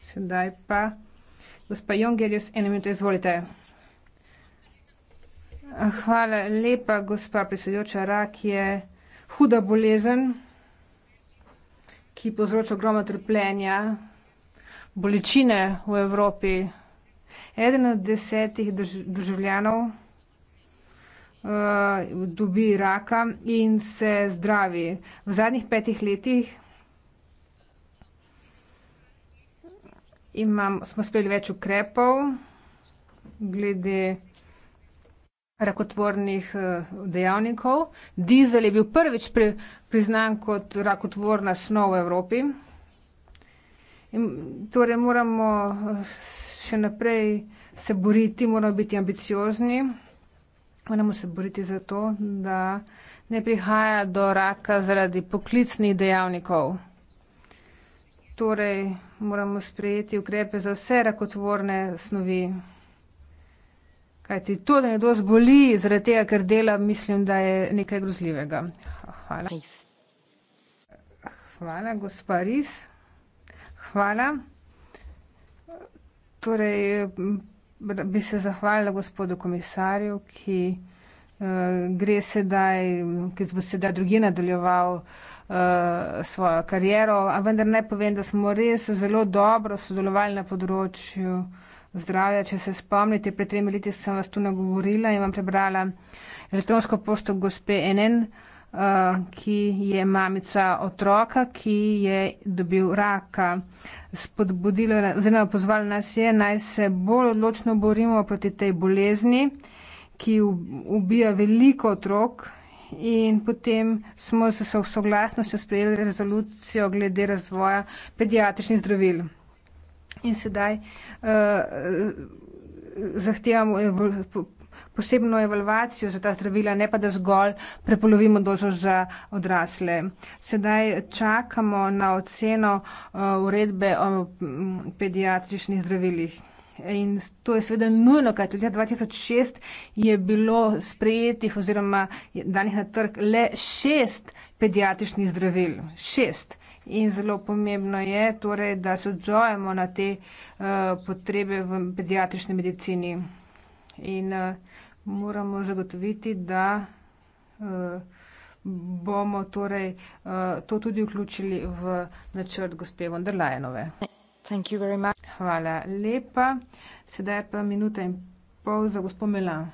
Sedaj pa gospa Jongerius, eno minuto izvolite. Hvala lepa, gospa predsedujoča. Rak je huda bolezen ki povzroča ogromno trpljenja, bolečine v Evropi. Eden od desetih drž državljanov uh, dobi raka in se zdravi. V zadnjih petih letih imam, smo sprejeli več ukrepov glede rakotvornih eh, dejavnikov. Dizel je bil prvič pri, priznan kot rakotvorna snov v Evropi. In torej moramo eh, še naprej se boriti, moramo biti ambiciozni, moramo se boriti za to, da ne prihaja do raka zaradi poklicnih dejavnikov. Torej moramo sprejeti ukrepe za vse rakotvorne snovi. Kajti to, da nekdo zboli zaradi tega, ker dela, mislim, da je nekaj grozljivega. Hvala. Hvala, gospa Riz. Hvala. Torej, bi se zahvalila gospodu komisarju, ki eh, gre sedaj, ki bo sedaj drugi nadaljeval eh, svojo kariero, a vendar naj povem, da smo res zelo dobro sodelovali na področju zdravja. Če se spomnite, pred tremi leti sem vas tu nagovorila in vam prebrala elektronsko pošto gospe NN, uh, eh, ki je mamica otroka, ki je dobil raka. Spodbudila, oziroma pozvala nas je, naj se bolj odločno borimo proti tej bolezni, ki ubija veliko otrok. In potem smo se v soglasnosti sprejeli rezolucijo glede razvoja pediatričnih zdravil. In sedaj uh, zahtevamo posebno evalvacijo za ta zdravila, ne pa da zgolj prepolovimo dozo za odrasle. Sedaj čakamo na oceno uh, uredbe o pediatričnih zdravilih. In to je seveda nujno, kajti leta 2006 je bilo sprejetih oziroma danih na trg le šest pediatričnih zdravil. Šest. In zelo pomembno je torej, da se odzovemo na te uh, potrebe v pediatrični medicini. In uh, moramo zagotoviti, da uh, bomo torej uh, to tudi vključili v načrt gospe von der Leyenove. Thank you very much. Hvala lepa. Sedaj je pa minuta in pol za gospod Milan.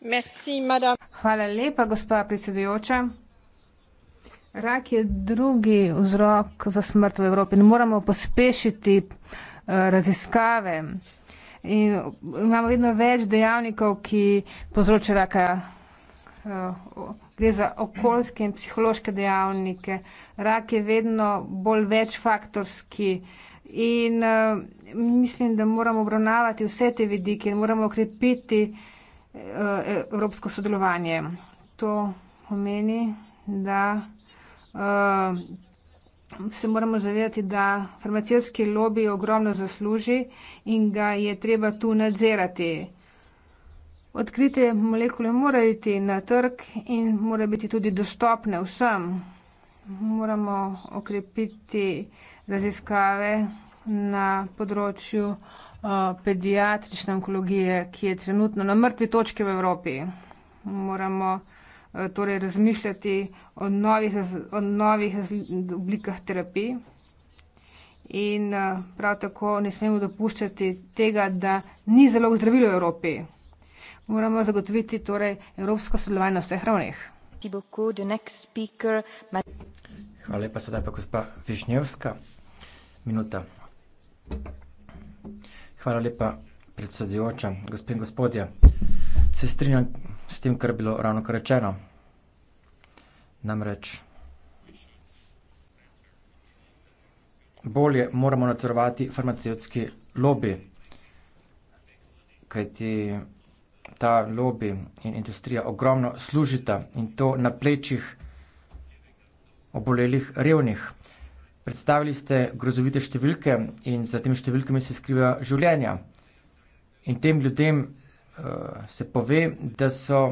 Merci, madame. Hvala lepa, gospa predsedujoča. Rak je drugi vzrok za smrt v Evropi in moramo pospešiti uh, raziskave. In imamo vedno več dejavnikov, ki povzroča raka. Eh, gre za okoljske in psihološke dejavnike. Rak je vedno bolj večfaktorski uh, In uh, mislim, da moramo obravnavati vse te vidike in moramo okrepiti uh, evropsko sodelovanje. To pomeni, da uh, se moramo zavedati, da farmacijski lobby ogromno zasluži in ga je treba tu nadzirati. Odkrite molekule morajo iti na trg in morajo biti tudi dostopne vsem moramo okrepiti raziskave na področju eh, pediatrične onkologije, ki je trenutno na mrtvi točki v Evropi. Moramo eh, torej razmišljati o novih, o novih oblikah terapij in eh, prav tako ne smemo dopuščati tega, da ni zelo zdravil v Evropi. Moramo zagotoviti torej evropsko sodelovanje na vseh ravneh. Hvala lepa, sedaj pa gospa Višnjevska, minuta. Hvala lepa, predsedujoča. Gospe in gospodje, se strinjam s tem, kar je bilo ravnokar rečeno. Namreč bolje moramo nadzorovati farmacevtski lobi, kajti ta lobby in industrija ogromno služita in to na plečih obolelih revnih. Predstavili ste grozovite številke in za tem številkami se skriva življenja. In tem ljudem uh, se pove, da so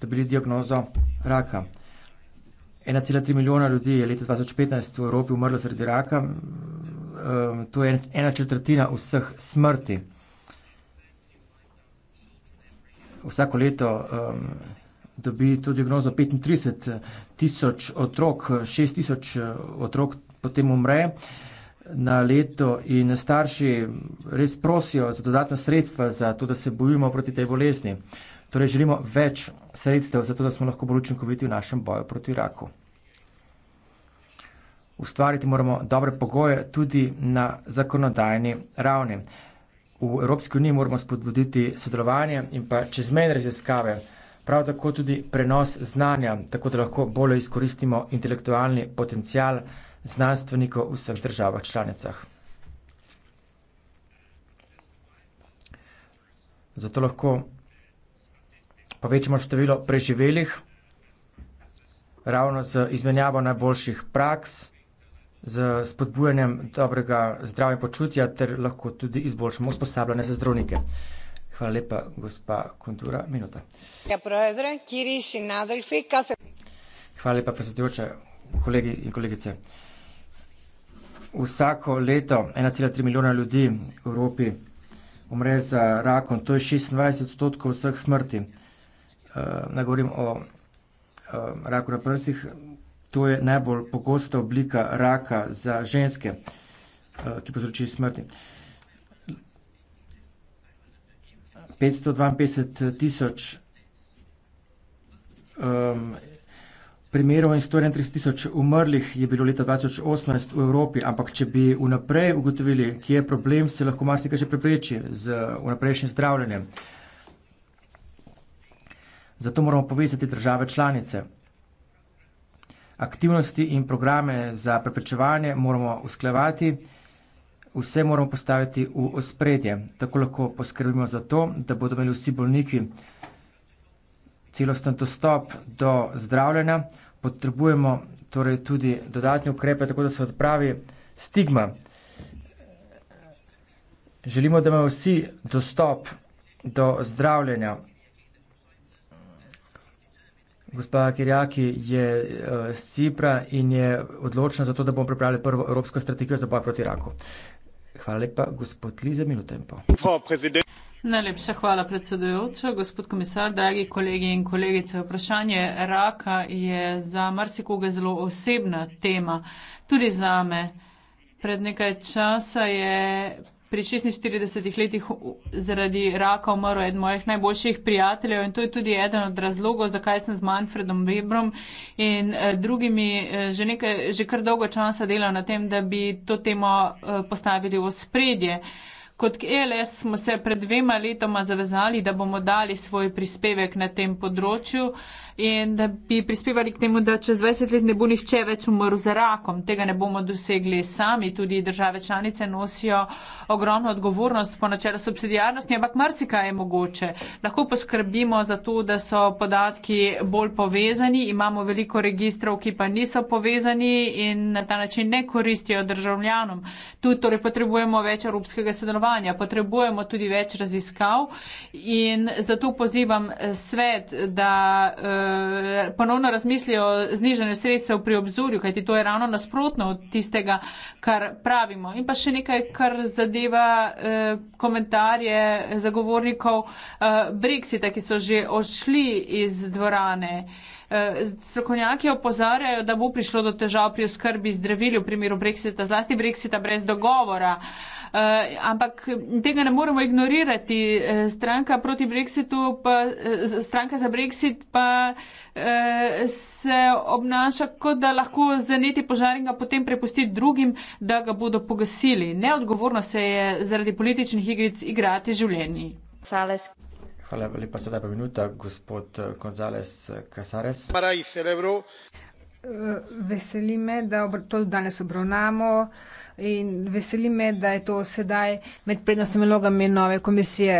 dobili diagnozo raka. 1,3 milijona ljudi je leta 2015 v Evropi umrlo zaradi raka. Uh, to je ena četrtina vseh smrti vsako leto um, dobi to diagnozo 35 tisoč otrok, 6 tisoč uh, otrok potem umre na leto in starši res prosijo za dodatna sredstva, za to, da se bojimo proti tej bolezni. Torej želimo več sredstev, zato da smo lahko bolj učinkoviti v našem boju proti raku. Ustvariti moramo dobre pogoje tudi na zakonodajni ravni v Evropski uniji moramo spodbuditi sodelovanje in pa čezmejne raziskave, prav tako tudi prenos znanja, tako da lahko bolje izkoristimo intelektualni potencial znanstvenikov v vseh državah članicah. Zato lahko povečamo število preživelih, ravno z izmenjavo najboljših praks z spodbujanjem dobrega zdravja počutja ter lahko tudi izboljšamo usposabljanje za zdravnike. Hvala lepa, gospa Kontura, minuta. Ja, Hvala lepa, predsedujoča, kolegi in kolegice. Vsako leto ena cela tri milijona ljudi v Evropi umre za rakom, to je šestindvajset odstotkov vseh smrti. Eh, ne govorim o eh, raku na prsih, To je najbolj pogosta oblika raka za ženske, eh, ki povzroči smrti. 552 tisoč um, primerov in 131 tisoč umrlih je bilo leta 2018 v Evropi, ampak če bi vnaprej ugotovili, kje je problem, se lahko marsikaj že prepreči z vnaprejšnjim zdravljenjem. Zato moramo povezati države članice aktivnosti in programe za preprečevanje moramo usklevati, vse moramo postaviti v ospredje. Tako lahko poskrbimo za to, da bodo imeli vsi bolniki celosten dostop do zdravljena. Potrebujemo torej tudi dodatne ukrepe, tako da se odpravi stigma. Želimo, da imajo vsi dostop do zdravljenja. Gospa Kirjaki je z uh, eh, Cipra in je odločena za to, da bomo pripravili prvo evropsko strategijo za boj proti raku. Hvala lepa, gospod Li, za minuto in pol. Najlepša hvala, predsedujoča. Gospod komisar, dragi kolegi in kolegice, vprašanje raka je za marsikoga zelo osebna tema, tudi za me. Pred nekaj časa je pri 46 letih zaradi raka umrl eden mojih najboljših prijateljev in to je tudi eden od razlogov, zakaj sem z Manfredom Webrom in eh, drugimi eh, že, nekaj, že kar dolgo časa delal na tem, da bi to temo eh, postavili v spredje. Kot ELS smo se pred dvema letoma zavezali, da bomo dali svoj prispevek na tem področju in da bi prispevali k temu, da čez 20 let ne bo nišče več umrl za rakom. Tega ne bomo dosegli sami, tudi države članice nosijo ogromno odgovornost po načelu subsidijarnosti, ampak marsikaj je mogoče. Lahko poskrbimo za to, da so podatki bolj povezani, imamo veliko registrov, ki pa niso povezani in na ta način ne koristijo državljanom. Tudi torej potrebujemo več evropskega sodelovanja delovanja, potrebujemo tudi več raziskav in zato pozivam eh, svet, da eh, ponovno razmislijo o znižanju sredstev pri obzorju, kajti to je ravno nasprotno od tistega, kar pravimo. In pa še nekaj, kar zadeva eh, komentarje zagovornikov Brexita, ki so že odšli iz dvorane. Strokovnjaki opozarjajo, da bo prišlo do težav pri oskrbi zdravilju v primeru Brexita, zlasti Brexita brez dogovora. Uh, Eh, ampak tega ne moremo ignorirati. Eh, stranka proti Brexitu, pa, eh, stranka za Brexit pa se obnaša, kot da lahko zaneti požar in ga potem prepusti drugim, da ga bodo pogasili. Neodgovorno se je zaradi političnih igric igrati življenji. Sales. Hvala lepa, sedaj pa minuta, gospod Gonzales Casares. Veseli me, da to danes obravnamo in veseli me, da je to sedaj med prednostnimi logami nove komisije.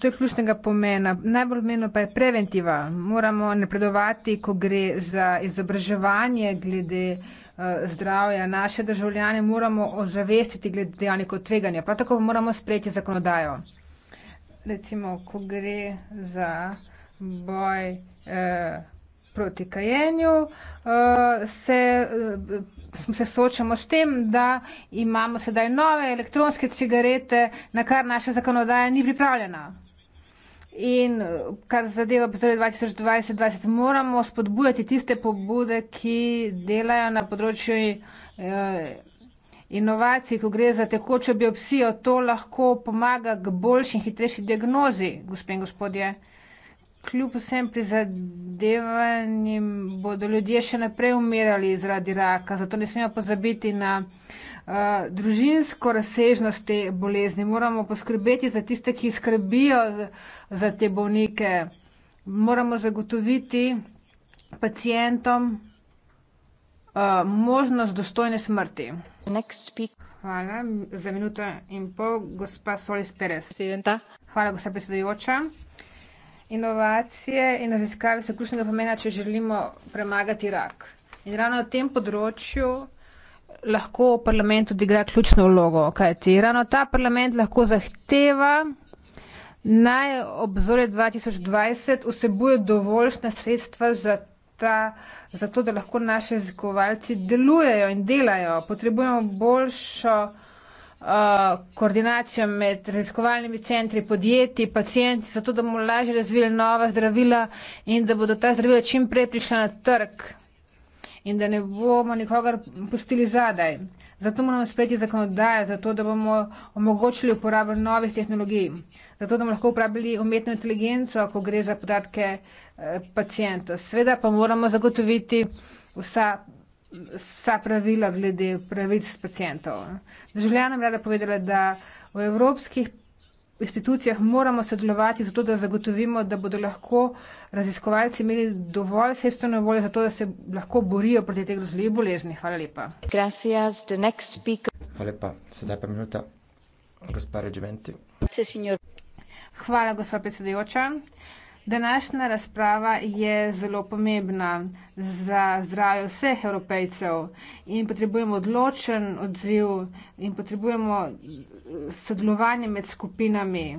To je ključnega pomena. Najbolj pomembno pa je preventiva. Moramo napredovati, ko gre za izobraževanje glede eh, zdravja naše državljane, moramo ozavestiti glede dejavnikov tveganja. Prav tako moramo sprejeti zakonodajo. Recimo, ko gre za boj eh, proti kajenju, eh, se, eh, smo se soočamo s tem, da imamo sedaj nove elektronske cigarete, na kar naša zakonodaja ni pripravljena. In eh, kar zadeva pozorje 2020-2020, moramo spodbujati tiste pobude, ki delajo na področju inovacij, ko gre za tekočo biopsijo, to lahko pomaga k boljši in hitrejši diagnozi, gospod in gospodje kljub vsem prizadevanjem bodo ljudje še naprej umirali zaradi raka, zato ne smemo pozabiti na uh, družinsko razsežnost te bolezni. Moramo poskrbeti za tiste, ki skrbijo za, za te bolnike. Moramo zagotoviti pacijentom uh, eh, možnost dostojne smrti. Hvala za minuto in pol, gospa Solis Perez. Hvala, gospa predsedujoča inovacije in raziskave so ključnega pomena, če želimo premagati rak. In ravno na tem področju lahko parlament odigra ključno vlogo, kajti ravno ta parlament lahko zahteva naj obzore 2020 vsebuje dovoljšna sredstva za, ta, za to, da lahko naši jezikovalci delujejo in delajo. Potrebujemo boljšo Uh, koordinacijo med raziskovalnimi centri, podjetji, pacijenti, zato da bomo lažje razvili nova zdravila in da bodo ta zdravila čim prej prišla na trg in da ne bomo nikogar pustili zadaj. Zato moramo sprejeti zakonodajo, zato da bomo omogočili uporabo novih tehnologij, zato da bomo lahko uporabili umetno inteligenco, ko gre za podatke eh, pacijentov. Sveda pa moramo zagotoviti vsa vsa pravila glede pravic pacijentov. Državljanom rada povedala, da v evropskih institucijah moramo sodelovati zato, da zagotovimo, da bodo lahko raziskovalci imeli dovolj sredstev na voljo, zato da se lahko borijo proti tej grozljivi bolezni. Hvala lepa. Gracias, the next speaker. Hvala lepa. Sedaj pa minuta. Gospa Regimenti. Hvala, gospa predsedujoča. Današnja razprava je zelo pomembna za zdravje vseh evropejcev in potrebujemo odločen odziv in potrebujemo sodelovanje med skupinami.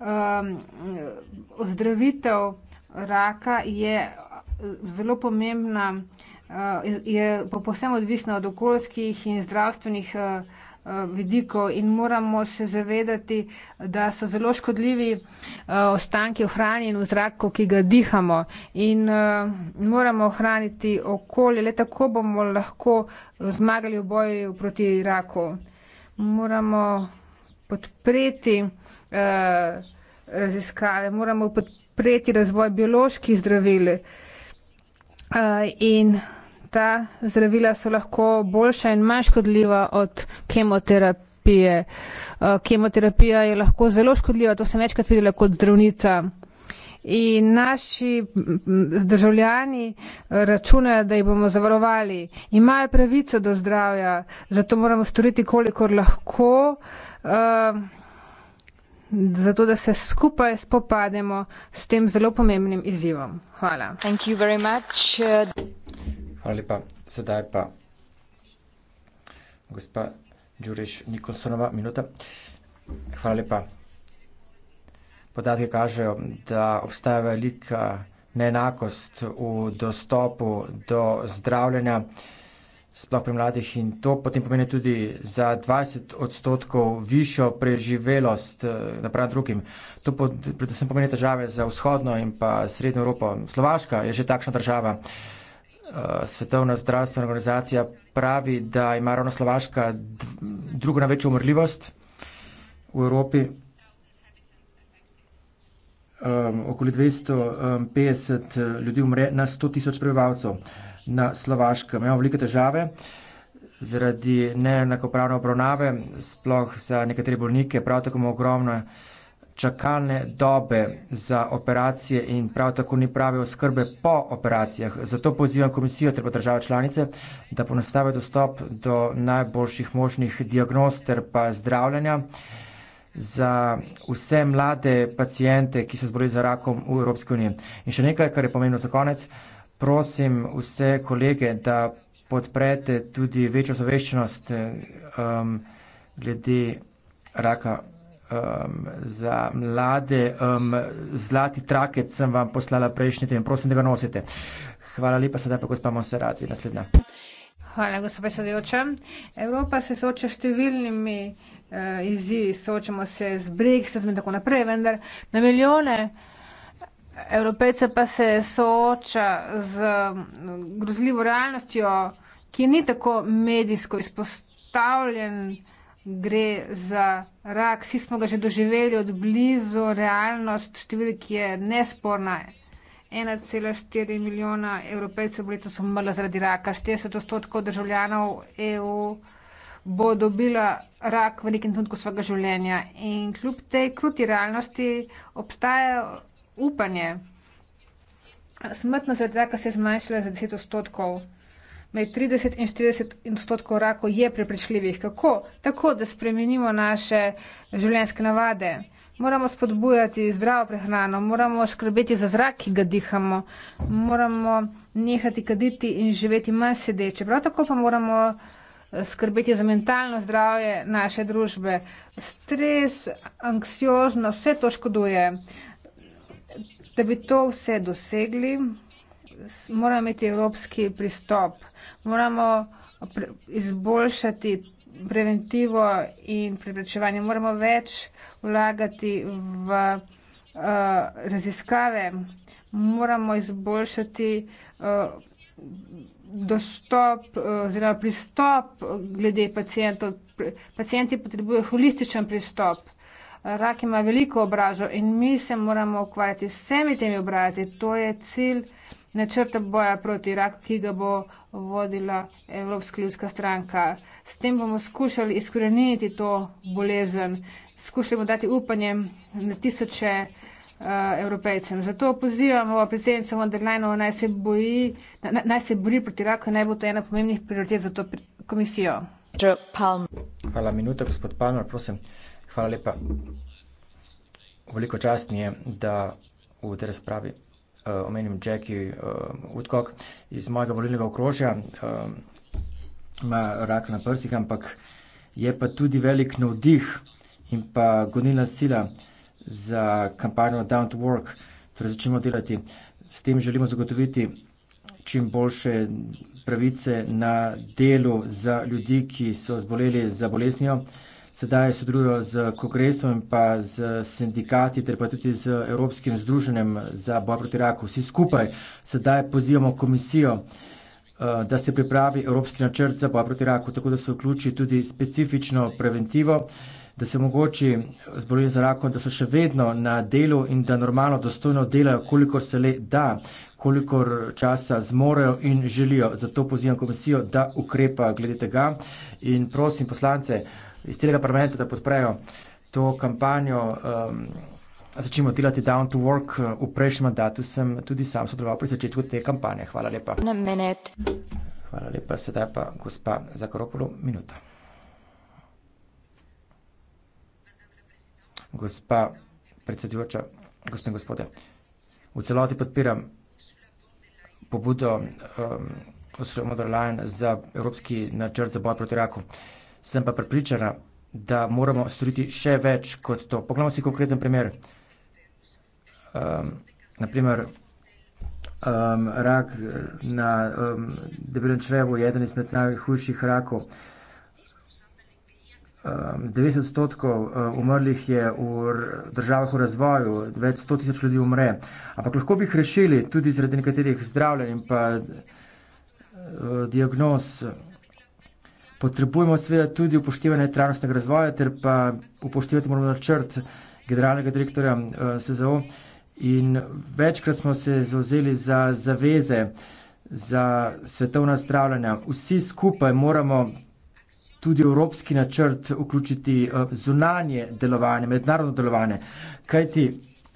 Um, ozdravitev raka je zelo pomembna, uh, je pa povsem odvisna od okoljskih in zdravstvenih uh, Eh, vidikov in moramo se zavedati, da so zelo škodljivi eh, ostanki ohranjeni v zraku, ki ga dihamo in eh, moramo ohraniti okolje, le tako bomo lahko zmagali v boju proti raku. Moramo podpreti raziskave, moramo podpreti razvoj bioloških zdravil in ta zdravila so lahko boljša in manj škodljiva od kemoterapije. Uh, kemoterapija je lahko zelo škodljiva, to sem večkrat videla kot zdravnica. In naši državljani uh, računajo, da jih bomo zavarovali. Imajo pravico do zdravja, zato moramo storiti, kolikor lahko, uh, zato da se skupaj spopademo s tem zelo pomembnim izzivom. Hvala. Thank you very much. Hvala lepa. Sedaj pa gospa Đureš Nikolsonova, minuta. Hvala lepa. Podatke kažejo, da obstaja velika neenakost v dostopu do zdravljenja, sploh pri mladih in to potem pomeni tudi za 20 odstotkov višjo preživelost eh, napram drugim. To predvsem pomeni težave za vzhodno in pa srednjo Evropo. Slovaška je že takšna država. Eh, Svetovna zdravstvena organizacija pravi, da ima ravno Slovaška drugo največjo umrljivost v Evropi. Um, okoli 250 eh, ljudi umre na 100 tisoč prebivalcev na Slovaškem. Imamo velike težave zaradi neenakopravne obravnave, sploh za nekatere bolnike, prav tako imamo ogromno uh, čakalne dobe za operacije in prav tako ni prave oskrbe po operacijah. Zato pozivam komisijo ter države članice, da ponostave dostop do najboljših možnih diagnoz ter pa zdravljenja za vse mlade pacijente, ki so zboli za rakom v Evropski uniji. In še nekaj, kar je pomembno za konec, prosim vse kolege, da podprete tudi večjo zaveščenost eh, um, glede raka um, za mlade. Um, zlati traket sem vam poslala prejšnji teden, prosim, da ga nosite. Hvala lepa, sedaj pa gospa Monserrat, vi naslednja. Hvala, gospod predsedujoča. Evropa se sooča s številnimi eh, izzivi, soočamo se z Brexitom in tako naprej, vendar na milijone evropejce pa se sooča z mm, grozljivo realnostjo, ki ni tako medijsko izpostavljena gre za rak. Vsi smo ga že doživeli od blizu, realnost številki je nesporna. 1,4 milijona evropejcev bo letos umrlo zaradi raka, 40 odstotkov državljanov EU bo dobila rak v nekem trenutku svojega življenja. In kljub tej kruti realnosti obstaja upanje. Smrtnost zaradi raka se je zmanjšala za 10 odstotkov med 30 in 40 odstotkov rakov je preprečljivih. Kako? Tako, da spremenimo naše življenjske navade. Moramo spodbujati zdravo prehrano, moramo skrbeti za zrak, ki ga dihamo, moramo nehati kaditi in živeti manj sedeče. Prav tako pa moramo eh, skrbeti za mentalno zdravje naše družbe. Stres, anksioznost, vse to škoduje. Da bi to vse dosegli, moramo imeti evropski pristop, moramo izboljšati preventivo in preprečevanje, moramo več vlagati v uh, raziskave, moramo izboljšati uh, dostop uh, oziroma uh, pristop glede pacijentov. Pacijenti potrebujejo holističen pristop. Rak ima veliko obrazov in mi se moramo ukvarjati s vsemi temi obrazi. To je cilj uh, načrta boja proti raku, ki ga bo vodila Evropska ljudska stranka. S tem bomo skušali izkoreniti to bolezen, skušali bomo dati upanje na tisoče uh, evropejcem. Zato pozivamo predsednico von der Leyenovo, naj, naj se bori proti raku in naj bo to ena pomembnih prioritet za to komisijo. Hvala minuta, gospod Palmer, prosim. Hvala lepa. Veliko čast mi je, da v tej razpravi uh, omenim Jackie uh, eh, Utkok iz mojega volilnega okrožja, uh, ima rak na prsih, ampak je pa tudi velik navdih in pa gonilna sila za kampanjo Down to Work, torej začnemo delati. S tem želimo zagotoviti čim boljše pravice na delu za ljudi, ki so zboleli za boleznijo. Uh, sedaj sodelujejo z kongresom in pa z sindikati, ter pa tudi z Evropskim združenjem za boj proti raku. Vsi skupaj sedaj pozivamo komisijo, eh, da se pripravi Evropski načrt za boj proti raku, tako da se vključi tudi specifično preventivo, da se omogoči zbolenje za rakom, da so še vedno na delu in da normalno, dostojno delajo, kolikor se le da kolikor časa zmorejo in želijo. Zato pozivam komisijo, da ukrepa glede tega. In prosim poslance, iz celega parlamenta, da podprejo to kampanjo. Um, Začnimo delati down to work. Uh, v prejšnjem mandatu sem tudi sam sodeloval pri začetku te kampanje. Hvala lepa. Hvala lepa, sedaj pa gospa Zakoropolo, minuta. Gospa predsedujoča, gospodine gospode, v celoti podpiram pobudo um, Osrema Moderline za evropski načrt za boj proti raku. Uh, sem pa pripričana, da moramo storiti še več kot to. Poglejmo si konkreten primer. Um, ehm, naprimer, um, ehm, rak eh, na um, debelem črevu je eden izmed najhujših rakov. Um, 90 odstotkov eh, umrlih je v državah v razvoju, več 100 tisoč ljudi umre. Ampak lahko bi jih rešili tudi zaradi nekaterih zdravljenj in pa uh, diagnoz. Potrebujemo seveda tudi upoštevanje trajnostnega razvoja, ter pa upoštevati moramo načrt generalnega direktorja uh, eh, SZO. In večkrat smo se zauzeli za zaveze, za svetovna zdravljanja. Vsi skupaj moramo tudi evropski načrt vključiti uh, zunanje delovanje, mednarodno delovanje. Kajti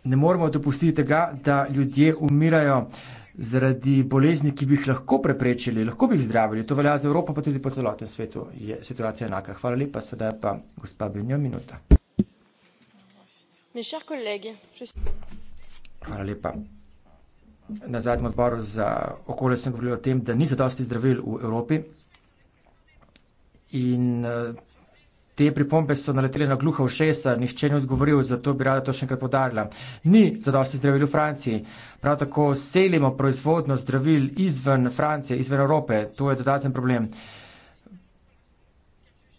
ne moremo dopustiti tega, da ljudje umirajo uh, zaradi bolezni, ki bi jih lahko preprečili, lahko bi jih zdravili. To velja za Evropo, pa tudi po celotnem svetu je situacija enaka. Hvala lepa, sedaj pa gospa Benjo minuta. Hvala lepa. Na zadnjem odboru za okolje sem govoril o tem, da ni zadosti zdravil v Evropi in eh, Te pripombe so naletele na gluha ušesa, nihče ni odgovoril, zato bi rada to še enkrat podarila. Ni zadosti zdravil v Franciji. Prav tako selimo proizvodnost zdravil izven Francije, izven Evrope. To je dodaten problem.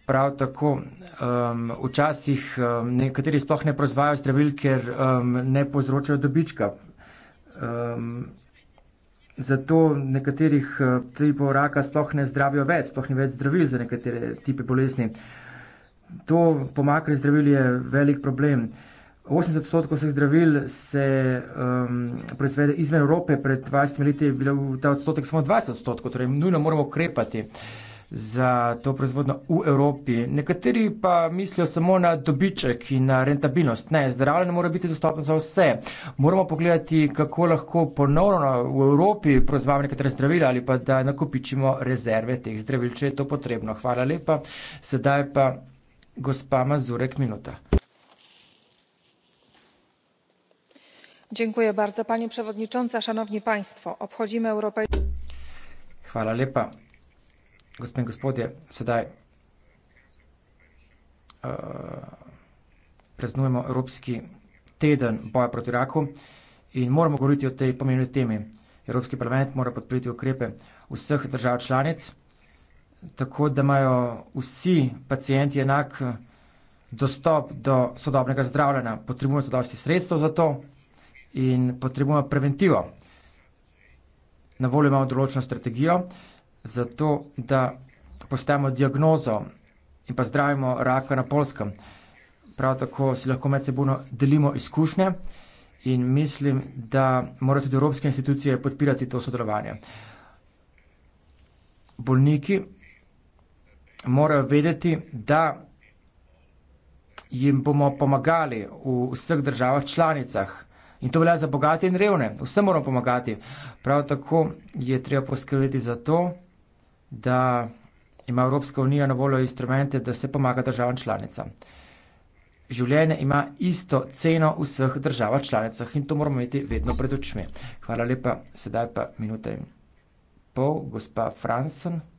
Prav tako um, včasih um, nekateri sploh ne proizvajajo zdravil, ker um, ne povzročajo dobička. Um, zato nekaterih uh, tipov raka sploh ne zdravijo več, sploh ni več zdravil za nekatere tipe bolezni. Uh, To pomakanje zdravil je velik problem. 80% vseh zdravil se um, proizvede izven Evrope, pred 20 leti je bil ta odstotek samo 20%, torej nujno moramo ukrepati za to proizvodno v Evropi. Nekateri pa mislijo samo na dobiček in na rentabilnost. Ne, zdravljenje mora biti dostopno za vse. Moramo pogledati, kako lahko ponovno v Evropi proizvamo nekatere zdravila ali pa da nakopičimo rezerve teh zdravil, če je to potrebno. Hvala lepa. Sedaj pa. Gospa Mazurek, minuta. Dziękuję bardzo. Pani przewodnicząca, szanowni państwo, obchodzimy europejski. Hvala lepa. Gospe in gospodje, sedaj uh, e, preznujemo Evropski teden boja proti raku in moramo govoriti o tej pomembni temi. Evropski parlament mora podpreti ukrepe vseh držav članic tako da imajo vsi pacijenti enak eh, dostop do sodobnega zdravljena. Potrebujemo zadosti sredstev za to in potrebujemo preventivo. Na voljo imamo določeno strategijo za to, da postavimo diagnozo in pa zdravimo raka na polskem. Prav tako si lahko medsebojno delimo izkušnje in mislim, da morajo tudi evropske institucije podpirati to sodelovanje. Bolniki morajo vedeti, da jim bomo pomagali v vseh državah članicah. In to velja za bogate in revne. Vse moramo pomagati. Prav tako je treba poskrbeti za to, da ima Evropska unija na voljo instrumente, da se pomaga državam članicam. Življenje ima isto ceno v vseh državah članicah in to moramo imeti vedno pred očmi. Hvala lepa, sedaj pa minuta in pol, gospa Franson.